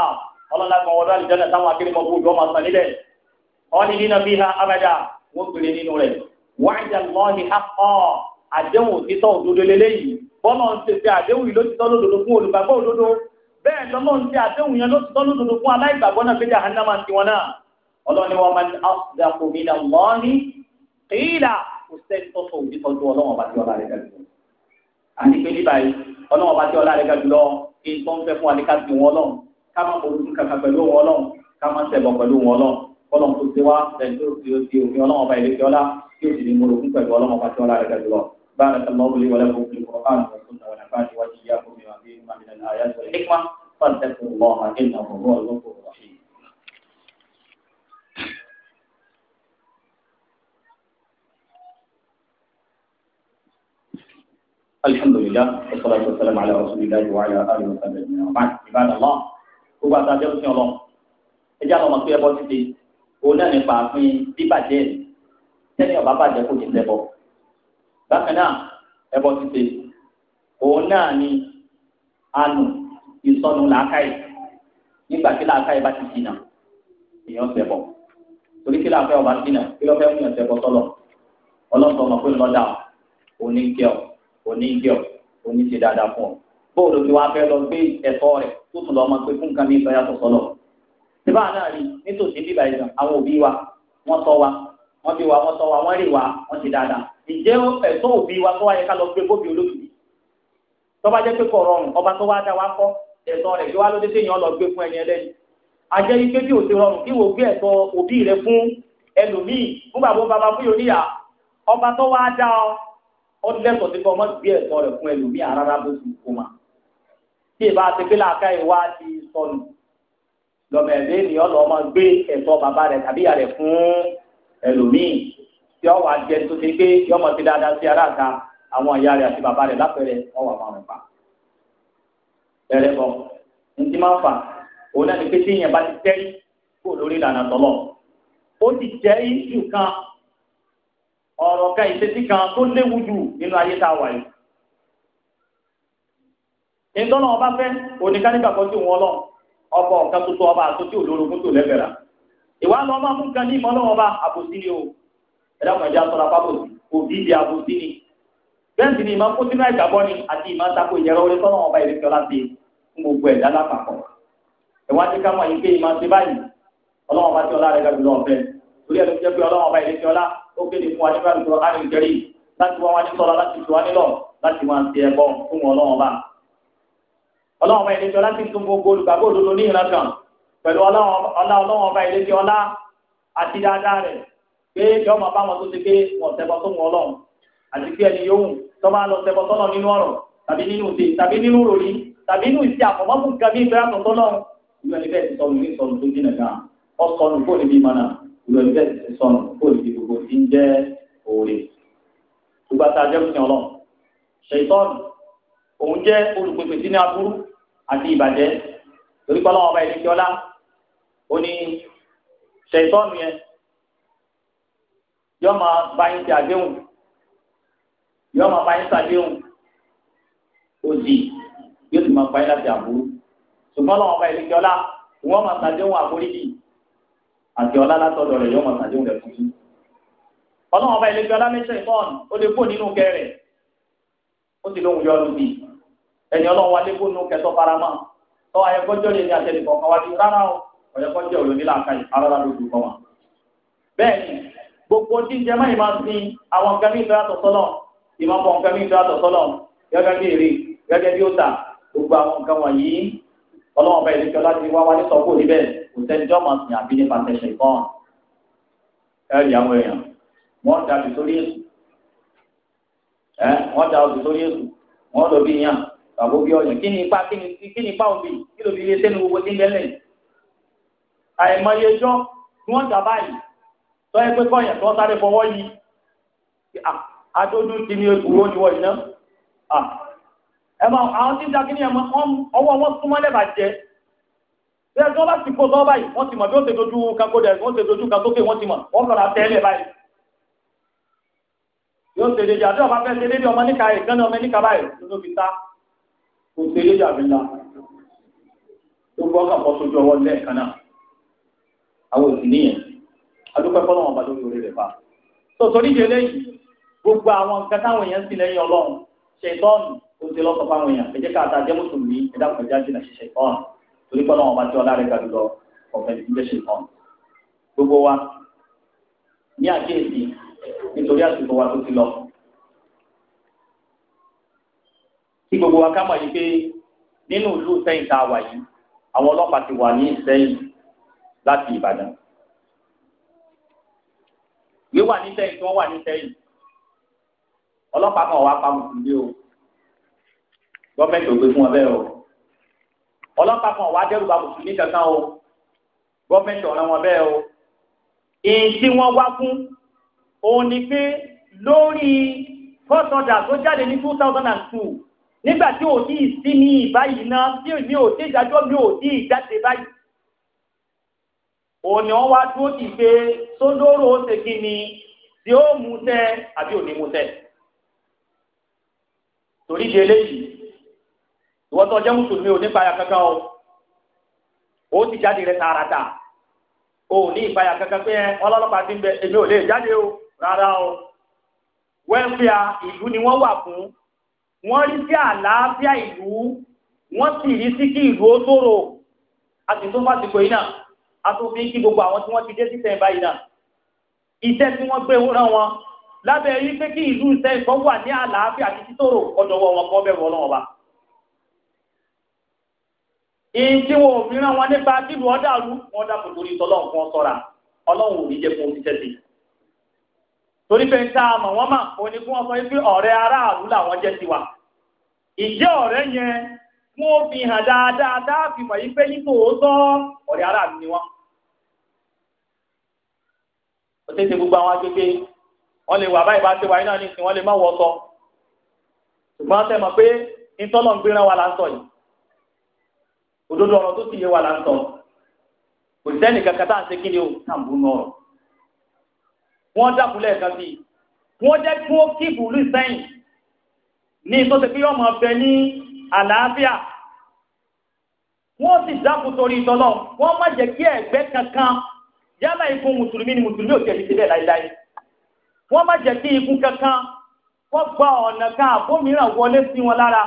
ọlọ́run lágbọ̀n wọ́n lọ́ọ́ àlùjọ́nà táwọn akérèmọ́ kú ojú ọmọ sàn nílẹ̀ wọ́n ní nínú bí ha abẹ́dà wọ́n pèlè nínú rẹ̀ wájà ọlọ́ni wọn máa ń àkùdà kò mí náà wọ́n ní kéèlà kò sẹ́ni tó tó òbí tọ́jú ọlọ́wọ́n bá ti ọlá rẹ̀ gàdúrà. àti pé níbà yìí ọlọ́wọ́n bá ti ọlá rẹ̀ gàdúrà kí n tó ń fẹ́ fún alẹ́ ká ti wọn lọ́n ká má borúkú kankan pẹ̀lú wọn lọ́n ká má ṣẹbọ pẹ̀lú wọn lọ́n kọ́lọ́n tó ti wá pẹ̀lú بارك الله لي ولكم في القرآن والسنة ونفعني وإياكم بما فيهما من الآيات والحكمة فاتقوا الله إنه هو الغفور الحمد لله والصلاة والسلام على رسول الله وعلى آله وصحبه أجمعين وبعد عباد الله gbogbo àti àjọ òsìn ọlọ ẹjẹ àwọn ọmọ tó yẹ bọ títí òun náà nípa àfin bíbàjẹ́ ẹ tẹni ọba bàjẹ́ kò ti tẹbọ bákan náà ẹbọ títí òun náà ni àánú ìsọnù làákàyè nígbà tí làákàyè bá ti dìnà èèyàn tẹbọ torí kí làákàyè ọba dìnà kí lọ́fẹ́ mú yàn tẹbọ sọlọ ọlọ́sọ ọmọ pé lọ́dà òun ní kí ọ. oníyọ̀ oníṣe dáadáa fún ọ bóòlù tí wàá fẹ́ lọ gbé ẹ̀tọ́ rẹ̀ tó tún lọ́ọ́ máa gbé fún nǹkan mi ìtọ́yà sọ̀sọ́ lọ. síbá náà rí nítòsí bíbá ìtàn àwọn òbí wa wọ́n tọ́ wa wọ́n bí wa wọ́n wa wọ́n rí wa wọ́n dáadáa. ǹjẹ́ ẹ̀tọ́ òbí wa tó wáyé ká lọ gbé bóbi olókìkí tọ́ba jẹ́ ọba tó dá wa kọ́ ẹ̀tọ́ rẹ̀ kí fún ẹni àjẹ́ ike bí òsè rọrùn kí wò gbé ẹ̀tọ́ òbí rẹ fún ẹlòmíì fún bàbá bàbá ọba tó ọ ó lẹ́tọ̀ọ́ sí fọmọ́ gbé ẹ̀tọ́ rẹ̀ fún ẹlòmíì arára bó ti kó ma. tí ìbá ti pé làákà ìwá ti sọnù lọ́mọ ẹ̀dẹ́ ni ọ̀lọ́ ọmọ gbé ẹ̀tọ́ bàbá rẹ̀ tàbí ìyá rẹ̀ fún ẹlòmíì tí ọ̀wà jẹ tó ti gbé yọmọ ti dáadáa sí aráàta àwọn ìyá rẹ̀ àti bàbá rẹ̀ lápẹ̀rẹ̀ ọ̀wà máa rùn pa. ẹ̀rẹ̀ bọ̀ ntí máa ń fà òun náà ni pé tí ìyẹn bá ti tẹ́rí kó lórí ìlànà tọ́lọ̀ ó ti tẹ́rí nǹkan ọ̀rọ̀ ka ìṣesí kan tó léwu jù nínú ayé tá a wà yìí. ìtọ́nà ọba fẹ́ oníkánígbàgbọ́ tí òun ọlọ́run ọba ọ̀kan tó tó ọba àtúntí olórogún tó lẹ́bẹ̀rẹ̀ ìwà lọ máa mú nǹkan ní ìmọ̀ lọ́wọ́ ọba àbòsí ni o ẹ̀dá ìjà sọ̀rọ̀ apá bòsí òbí di àbòsí ni bẹ́ẹ̀ sì ni ni àti ìmọ̀ orí tọ́nà ọba ó kéde fún wa nígbà tó lọ ánì ìjẹrí láti wá wá ní sọ́ra láti tù wá nílọ̀ láti wá ti ẹ̀bọ fún wọn ọlọ́wọ́n bá. ọlọ́wọ́n bá ilé jọ láti tún gbogbo olùgbàgbọ́ òdodo ní ìran kan pẹ̀lú ọlọ́wọ́n bá ilé jẹ ọlá àti dáadáa rẹ̀ pé kí ọmọ bá wọn tó ti pé wọn ṣẹbọ tó wọn ọlọ́run àti kí ẹni yóò tó máa lọ ṣẹbọ tọ́nà nínú ọ̀rọ̀ tàbí nínú ìṣe tàbí nínú ròrí tàbí nínú ìṣe àfọ̀mọ́fún kan bí ìfẹ́ àtọ̀tọ̀ náà ìlú ẹni bẹ́ẹ̀ ti sọnù ìlú ẹgbẹ́ ti sọnù kó lè di gbogbo tí ń jẹ́ òòrè gbogbo àti ajẹ́kùsìn ọlọ́run ṣètọ́nù òun jẹ́ olùpèpè sínú aburú àti ìbàjẹ́ torí pé ọlọ́run ọba ìlú ti ọlá ó ní ṣètọ́nù yẹn yọ máa bá yín ti àdéhùn yọ máa bá yín sàdéhùn òsì yóò sì máa bá yín láti àbúrú ṣùgbọ́n ọlọ́run ọba ìlú ti ọlá wọ́n máa sàdéhùn àforíjì àti ọlá látọ̀dọ̀ rẹ̀ yóò mọ̀ sàdéhùn rẹ̀ fún yín. ọlọ́run ọba ìlẹ́jọ́ alámẹ́sẹ̀ ìtọ́n ó lè kó nínú kẹ rẹ̀ ó sì lóhun yọ ọdún bíi ẹni ọlọ́run wa lè kó nínú kẹ tó fara mọ́ tó ayẹ kọjọ́ lè ní àtẹnì kọ̀ọ̀kan wá sí rárá o ọ̀yẹ kọjọ́ òyò nílà ká ìfarara lójú kọ́ wa. bẹ́ẹ̀ni gbogbo jíjẹ máa ìmọ̀ sí àwọn nǹkan mí ìfẹ́ àtọ̀sọ́lọ̀ ìmọ̀ pọ̀ nǹkan mí ìfẹ́ àtọ̀sọ́lọ̀ gẹ́gẹ́ bí èrè gẹ́gẹ́ bí ó kò sẹ́nijọ́ máa sìn àbí nípa tẹ̀sẹ̀ kan ẹ̀rì àwọn èèyàn wọ́n da òbí sórí èsù ẹ̀ wọ́n da òbí sórí èsù wọ́n lọ bí yàn tàbó bí ọ̀yàn kí ni ipa kí ni ipa òbí kí lóbi ilé sẹ́nu gbogbo tí ń bẹ́lẹ̀ àìmọye ẹjọ́ tí wọ́n dà báyìí tọ́ ẹ pé kọ́yàn tí wọ́n sáré fọwọ́ yìí adójú ti ní ìgbòho ni wọ́n yìí náà ẹ máa àwọn tí ń da kí ni ọwọ́ wọn súnmọ́ lẹ́bàá jẹ́ bẹ́ẹ̀ tí wọ́n bá ti kó sọ́ọ́ báyìí wọ́n ti mọ̀ bí ó ṣe dojú kan kó dẹ̀ wọ́n ṣe dojú kan sókè wọ́n ti mọ̀ wọ́n kọ̀ látẹ́lẹ̀ báyìí. yóò ṣe déjà tí ọba fẹ́ ṣe dédé ọmọ níka ẹ̀ gánà ọmọ níka báyìí ló fi ta kò ṣe déjà mi la tó gbọ́ kàn fọ́ sójú ọwọ́ lẹ́ẹ̀kan náà àwọn òsì níyẹn adúpẹ́ fọlọ́wọn ọba lórí orí rẹ̀ fa. tó torí di eléyìí gbogbo àwọn nǹkan táwọn èèyàn sì lẹ́yìn ọlọ́run ṣètọ́ọ̀nù ó ti lọ́sọ̀ fáwọn èèyàn ẹ̀jẹ̀ ká àtàjẹ́ mùsùlùmí ẹ̀dá kọjá jìnnà ṣe ṣètọ́ọ̀nù torí pé ọlọ́run ọba tí ọlá rẹ̀ ga jùlọ ọ̀fẹ́ ti bẹ́ ṣe kàn gbogbo wa ní àkíyèsí nítorí àsìkò wa tó ti lọ. kí gbogbo wa ká mọ̀ yìí pé nínú ìlú sẹ́yìn tá a wà yìí àwọn ọlọ́pàá ti wà ní sẹ́yìn láti ìbàdàn. wíwà ní sẹ́yìn tí wọ́n wà ní sẹ́yìn ọlọ́pàá kan wà pa mùsùlùmí o gọ́ọ̀mẹ̀ntì ò gbé fún wọn bẹ́ẹ̀ o ọlọ́pàá kan wàá dẹ́rù bá mùsùlùmí kankan o gọ́ọ̀mẹ̀ntì ọ̀ràn wọn bẹ́ẹ̀ o èyí tí wọ́n wá fún òun ni pé lórí kọ́sọ̀dà tó jáde ní two thousand and two nígbà tí ò tí ì sí ní ìbáyìí náà tí mi ò tí ìdájọ́ mi ò tí ì jáde báyìí òun ni wọ́n wá dúró tì pé sódóró ṣe kí ni tí ó mú tẹ́ àbí ò ní mú tẹ́ torí di eléyìí. wọ́n tó jẹ́ mùsùlùmí ò ní ìpayà kankan o ó ti jáde rẹ tààràtà ò ní ìpayà kankan pé ọlọ́lọ́pàá ti ń bẹ èmi ò lè jáde o rárá o wẹ́ńfíà ìlú ni wọ́n wà fún wọ́n rí sí àlàáfíà ìlú wọ́n sì rí sí kí ìlú ó tòrò a sì tún fásitì yìí náà a tún fi ń kí gbogbo àwọn tí wọ́n ti dé sí iṣẹ́ tí wọ́n gbé wọn lábẹ́ pé iji tí wọn ò wọn nípa bíbu ọ̀dà wọn dàpọ̀ torí tọ́lọ́run fún ọ sọ́ra ọlọ́run ò ní jẹ́ fún oníṣẹ́ sí i torí pé tá a wọn mà ọ̀rẹ́ aráàlú làwọn jẹ́ tiwa ìjẹ́ ọ̀rẹ́ yẹn wọn ò fi hàn dáadáa pé òótọ́ ọ̀rẹ́ aráàlú ni gbogbo àwọn agbègbè wọn lè wà báyìí bá ṣe wà nísìnyí wọn lè má wọ òdodo ọ̀rọ̀ tó sì yé wa là ń sọ kò sẹ́ni kankan tá à ń ṣe ni o tá à ń bú nọ̀rọ̀ wọ́n dàkúlẹ̀ kan bíi wọ́n jẹ́ kí wọ́n kí sẹ́yìn ní ìtọ́sẹ̀ pé ọmọ ọ̀fẹ́ ní àlàáfíà wọ́n sì dákú torí ìtọ́lọ́ wọ́n má jẹ́ kí ẹ̀gbẹ́ kankan yálà ikú mùsùlùmí ni mùsùlùmí ò tẹ̀lé síbẹ̀ láíláí wọ́n má jẹ́ kí ikú kankan wọ́n gba ọ̀nà kan àbómìíràn wọlé sí wọn lára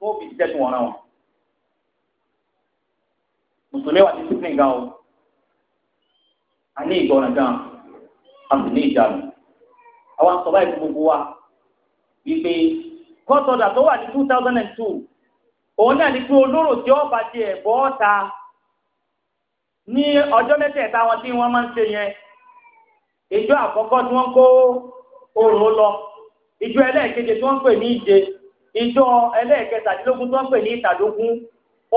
wọ́n fi jẹ́ kí wọ́n rán wọn mùsùlùmí wà discipline gan o a ní ìgbọràn gan a sì ní ìjànù àwọn sọ báyìí gbogbo wa wípé kọ́sọ̀dà tó wà ní two thousand and two òun náà ní pé olóró tí ó bá di ẹ̀bọ́ ọ̀ta ní ọjọ́ mẹ́tẹ̀ẹ̀ta wọn tí wọ́n máa ń ṣe yẹn ìjọ àkọ́kọ́ tí wọ́n kó oòrùn lọ ìjọ ẹlẹ́ẹ̀keje tí wọ́n pè ní ìje ìjọ ẹlẹ́ẹ̀kẹtàdínlógún tí wọ́n pè ní ìtàdógún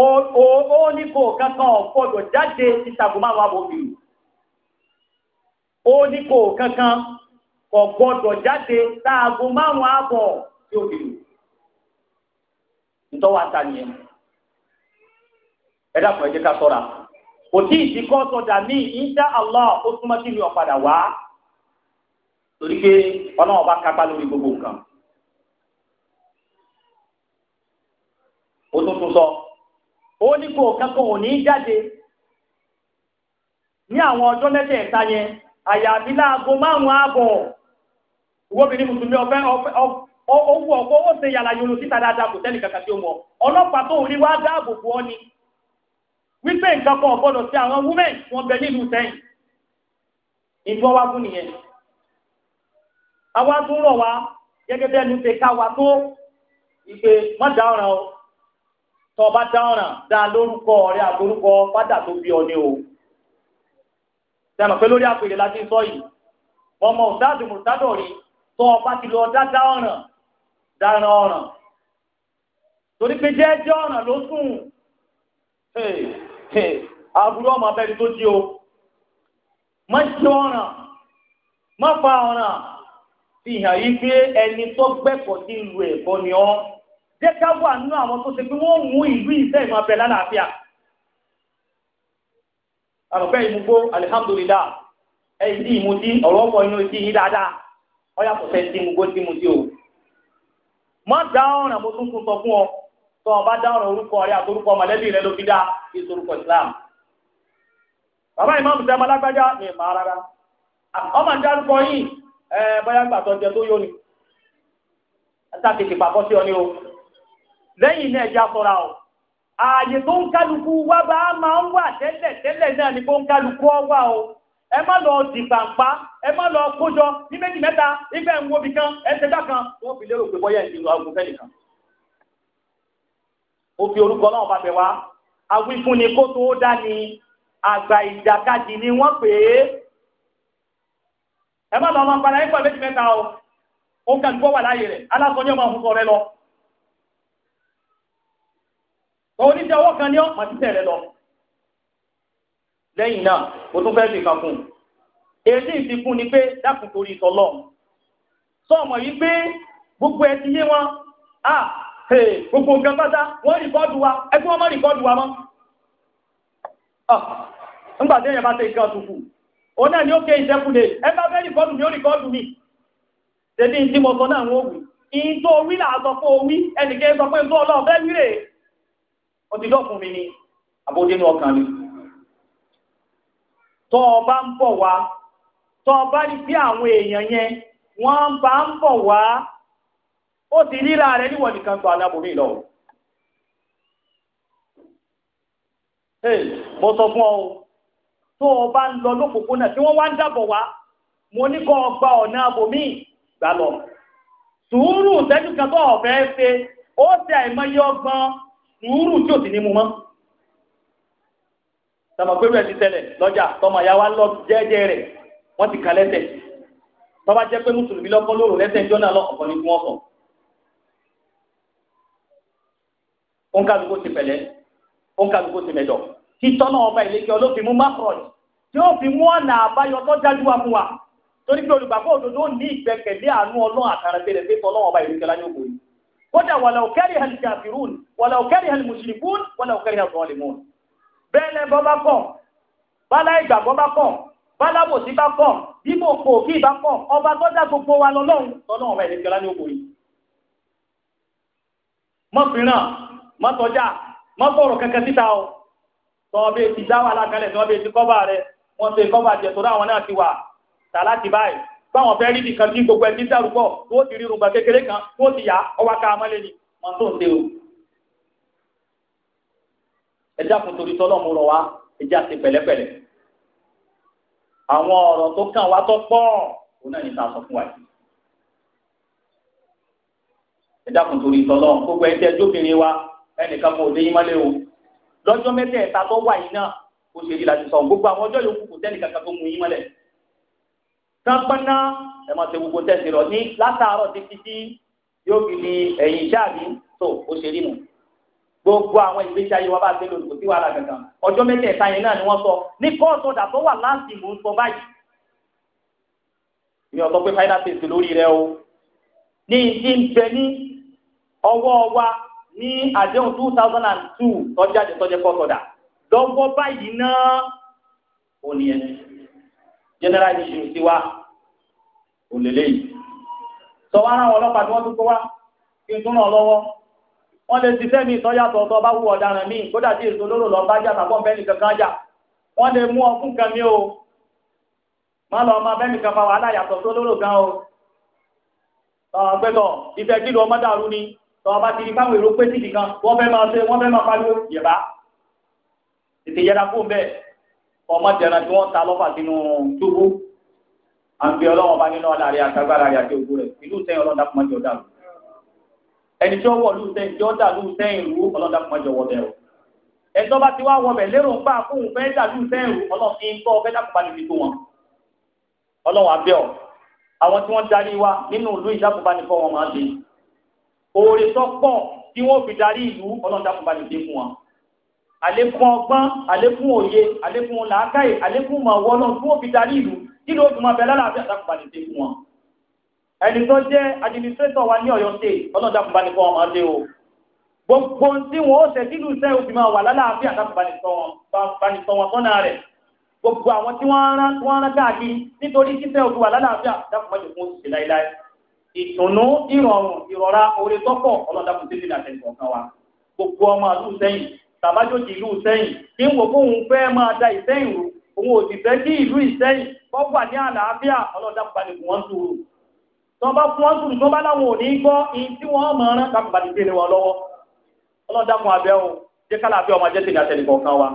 ó ní kò kankan ọ̀pọ̀dọ̀ jáde ìtàgùn márùn ó ní kò kankan kò jáde táàgùn márùn tí ó bìrì ntọ́wọ́ àtàníyẹ ẹ dàpọ̀ ká sọ́ra kò tí ì ti kọ́ sọ̀dà míì ó gbogbo ó ní kò kankan ò ní jáde ní àwọn ọjọ́ mẹ́tẹ̀ẹ̀ta yẹn àyàfi láago márùn-ún ààbọ̀ ìwọ́bìnrin mùsùlùmí ọ̀fẹ́ owó ọ̀pọ̀ ó ṣe yàrá yòlò síta dáadáa kò sẹ́ni kankan tí ó mọ̀ ọlọ́pàá tó ni women wa tó o bá dá ọ̀ràn dá lórúkọ ọ̀rẹ́ àtòrúkọ fádà tó bí ọ ní o sẹ́mi pé lórí àpèrè la ti sọ yìí ọmọ ọ̀dáàdù mùsádọ̀ rí tó o bá ti lọ dáadáa ọ̀ràn dáná ọ̀ràn torí pé jẹ́ẹ́jẹ́ ọ̀ràn ló sùn àbúrò ọmọ abẹ́rẹ́ tó jí o má ṣe ọ̀ràn má fa ọ̀ràn fi hàn yí pé ẹni tó gbẹ́kọ̀ọ́ sí ìlú ẹ̀kọ́ ni ọ́. jẹ́ ká wà nínú àwọn tó ṣe pé wọ́n mú ìlú ìfẹ́ ìmọ̀ abẹ lálàáfíà. àrùbẹ́ ìmúgbó alihamdulilá ẹ̀yìn tí ọ̀rọ̀ ọ̀pọ̀ inú dáadáa ọ yàtọ̀ sẹ́ ti ìmúgbó tí ìmutí o. má dá ọ̀ràn mo tún tún sọ fún ọ tó o bá dá ọ̀ràn orúkọ rẹ àtorúkọ mọ̀lẹ́bí rẹ ló fi dá Islam. bàbá ìmáàmù rárá ọmọ yìí bọ́yá tó yóni. o. lẹ́yìn náà ẹja sọ́ra o ààyè tó ń kálukú wá bá a máa ń wà tẹ́lẹ̀ tẹ́lẹ̀ náà ni kó ń kálukú ọ wà o ẹ má lọ di pàǹpá ẹ má lọ kójọ ní méjì mẹ́ta ibẹ̀ ń wo bìkan ẹsẹ̀ dá kan wọ́n fi lérò pé bọ́yá ìdìbò àgùn fẹ́ nìkan. ó fi orúkọ náà bàbẹ̀ wá awífúnni kó tó dání àgbà ìjàkadì ni wọ́n pè é ẹ má lọ ọmọ nǹkan ẹ̀ ń pọ̀ méjì mẹ́ta o ó kálukú wà láàyè rẹ̀ alákọ̀ọ́yọ́ oníṣẹ́ ọwọ́ kan ní ọ̀pá títẹ̀ rẹ lọ. lẹ́yìn náà o tún fẹ́ẹ́ fìkà fún un èyí ti fún ni pé dákun torí ìtọ́lọ́ sọmọ yìí pé gbogbo ẹ ti yé wọn a gbogbo nǹkan pátá wọ́n rìkọ́dù wa ẹ wọ́n rìkọ́dù wa mọ́. nígbà tí èèyàn bá nǹkan tuntun òun náà ni ó ké ìṣẹ́kùnlé ẹ bá náà ó ti dọ́kun mi ni àbódé ní ọkàn mi. tọ́ ọ bá ń bọ̀ wá tọ́ ọ bá rí bí àwọn èèyàn yẹn wọ́n bá ń bọ̀ wá ó ti ríra rẹ níwọ̀n nìkan tó aláborí lọ. mo sọ fún ọ o tó o bá ń lọ lópòpónà tí wọ́n wá ń dàbọ̀ wá mo ní kọ́ ọ ọ̀nà abòmíì gbà lọ sùúrù tẹ́jú kan tó ọ̀fẹ́ ṣe ó ṣe àìmọye ọgbọ́n sùúrù tí ò sì ní mu mọ́ tọmọ pé rẹ ti tẹlẹ lọ́jà tọmọ ìyá wa lọ jẹ́jẹ́ rẹ̀ wọ́n ti kà lẹ́sẹ̀ tọ́ba jẹ́ pé mùsùlùmí lọ́kọ́ lóru lẹ́sẹ̀ ìjọ náà lọ́kọ̀ọ̀kan ní kí wọ́n sọ. ó ń ká lóko ti pẹ̀lẹ́ ó ń ká lóko ti mẹ̀jọ. títọ́ náà ọba ìlẹ́kẹ́ olófin mú macron tí ó fi mú ọ̀nà àbáyọ tó dájú wa fún wa torí pé olùgbàgbọ́ òdodo ní ìgbẹ́kẹ̀lé àánú ọlọ́run àtàrà kódà wàlàó kariha al-kafirun wàlàó kariha al-mushrikun wàlàó kariha al-zalimun. bẹ́ẹ̀lẹ̀ bọ́ bá kọ̀ bálá ìgbàgbọ́ bá kọ̀ bálá bòsí bá kọ̀ bíbò kò kí ìbá kọ̀ ọba tó dá gbogbo wa lọ́lọ́run lọ́lọ́run ọba ìdíje ọlá ní ògbò yìí. mọ́fìnrán mọ́tọ́jà mọ́fọ̀rọ̀ kẹ̀kẹ́ síta o tọ́ọ̀bẹ ti dá wà lákàlẹ̀ tọ́ọ̀bẹ ti kọ́bà rẹ̀ wọ́n ti kọ́bà jẹ̀ tó báwọn fẹ́ rí nìkan tí gbogbo ẹni dárúbọ̀ wọ́n ti rí rúgbà kékeré kan wọ́n ti yà ọwọ́ ká amọ́lé ni wọ́n tó ń ṣe o. ẹ dákun torí tọ́lọ́ mo rọ̀ wá ẹ já sí pẹ̀lẹ́pẹ̀lẹ́. àwọn ọ̀rọ̀ tó kàn wá tó pọ̀ òun náà ní ta sọ fún wa yìí. ẹ dákun torí tọ́lọ́ gbogbo ẹni tẹ́ jókèrè wa ẹnìkan kò dé ìmọ̀lẹ́ o. lọ́jọ́ mẹ́tẹ̀ẹ̀ta tó wà yìí náà ó sápáná ẹ máa ṣe gbogbo tẹ̀sí rọ ní látàárọ̀ títí tí yóò fi di ẹ̀yìn ìṣáàbí tó ó ṣe rí nù gbogbo àwọn ìgbésí ayé wa bá ṣe lòdì kò sí wàhálà kankan ọjọ́ mẹ́tẹ̀ẹ̀ta yẹn náà ni wọ́n sọ ní kóòtù ọ̀dà tó wà láti mò ń sọ báyìí mi ò sọ pé final test lórí rẹ o ní ti ń bẹ ní ọwọ́ wa ní àdéhùn two thousand and two tọ́jáde tọ́jẹ́ kóòtù ọ̀dà lọ́wọ́ báyìí náà ò ní ẹni general issue ti wa òlélẹ yìí sọwọ ara wọn ọlọ́pàá tí wọn tún kó wa kí n tún náà lọ́wọ́ wọn lè ṣiṣẹ́ mi ìtọyàtọ ọtọ bá wù ọ̀daràn mi kódà tí èso lóró lọ bá jà tàbọ bẹ́ẹ̀ nìkan kan jà wọn lè mú ọkùn kan mi o má lọ ọmọ bẹ́ẹ̀ nìkan fa wàhálà yàtọ̀ tó lóró gan o ọgbẹtọ ìfẹ́ kí lu ọmọ dàrú ni tọwọ bá ti di fáwọn èrò pé sídìí kan wọn fẹ́ẹ́ máa ṣe wọn fẹ́ẹ́ máa pariwo yẹba tètè yẹra fóun bẹ́ẹ̀ ọmọ jẹran tí wọn ta lọfà sínú túbú àǹbí ọlọ́run bá nínú ọlá rẹ àtàgbára rẹ àti ògbó rẹ ìlú sẹ́yìn ọlọ́dà fún ọjọ́ dàlú ẹni tí ó wọ ìlú sẹ́yìn tí ó dàlú sẹ́yìn ìlú ọlọ́dà fún ọjọ́ wọbẹ o ẹjọ́ bá ti wá wọbẹ lérò ń bá fóun fẹ́ dàlú sẹ́yìn ìlú ọlọ́run fi ń tọ́ ọfẹ́ dàkúbá níbi tó wọn ọlọ́run abẹ́ ọ àwọn tí wọ́n darí wa nínú ìlú ìdàkúbá ní fọ́ máa ń ṣe òòrè sọ́pọ̀ tí wọ́n fi darí ìlú ọlọ́run dàkúbá níbi fún wọn àlékún ọgbọ́n àlékún òye àlékún làákàyè àlékún mọ̀ ọwọ́ náà tí wọ́n fi darí ìlú kí ló fi máa bẹ lálàáfíà dákùnbà lè dé fún wọn. ẹni tó jẹ́ administrator wa ní Ọ̀yọ́ state ọlọ́run dákùnbà ní fọwọ́n máa lé o. gbogbo tí wọn ó ṣe sílùú iṣẹ́ òfin máa wà lálàáfíà dákùnbà ní fọwọ́n sọ́nà rẹ̀. gbogbo àwọn tí wọ́n rán káàkiri nítorí iṣẹ́ òfin wà lálàáfíà dákùnbà ní fún òṣìṣẹ́ láíláí. ìtùnú ìrọ̀rùn ìrọ̀ra oore tọ́pọ̀ ọlọ́run dákùnbà tàbájòjì ìlú Ìsẹ́yìn kí n wò fóun fẹ́ máa da Ìsẹ́yìn rú òun ò sì fẹ́ kí ìlú Ìsẹ́yìn kọ́ ní àlàáfíà ọlọ́dà balẹ̀ wọ́n sùúrù tọ́ bá fún wọn sùúrù tó bá láwọn ò gbọ́ ihun tí wọ́n mọ̀ ọ́n kápẹ́ balẹ̀ délé wọn lọ́wọ́ ọlọ́dà abẹ́ o jẹ́ kálá ọmọ ajẹ́sẹ̀ ní àtẹnìkọ̀ kan wa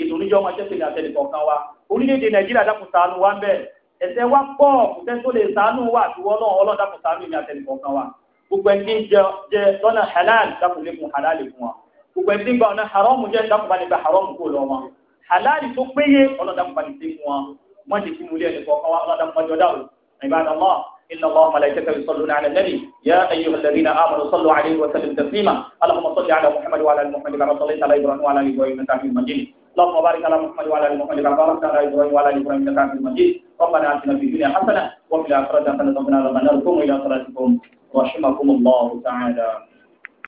ìdùnnújọ́ ọmọ ajẹ́sẹ̀ ní àtẹnìkọ̀ kan wa orílẹ̀-èdè Nàìjíríà dákun ṣàánú wa ń bẹ̀ wa pọ̀ kò tó lè ṣàánú wa àtiwọ́ náà ọlọ́dà kun ṣàánú àtẹnìkọ̀ kan wa gbogbo ẹni jẹ lọ́nà halal dákun lè halal fún wa gbogbo ẹni tí ń bá ọ̀nà haramu jẹ́ dákùnbalẹ̀ bá haramu kó lọ́wọ́ halali tó péye ọlọ́dàkùnbalẹ̀ tí mu wọn wọ́n ti fi múlẹ̀ ẹni kọ̀ọ̀kan wá ọlọ́dàkùnbalẹ̀ ọ̀dà o ìbádọ́lá إن الله ملائكته يصلون على النبي يا أيها الذين آمنوا صلوا عليه وسلموا تسليما اللهم صل على محمد وعلى محمد كما صليت على إبراهيم وعلى آل إبراهيم إنك حميد مجيد اللهم بارك على محمد وعلى آل محمد كما باركت على إبراهيم وعلى آل إبراهيم حميد مجيد ربنا آتنا في الدنيا حسنة وفي الآخرة حسنة وقنا عذاب النار قوموا إلى صلاتكم رحمكم الله تعالى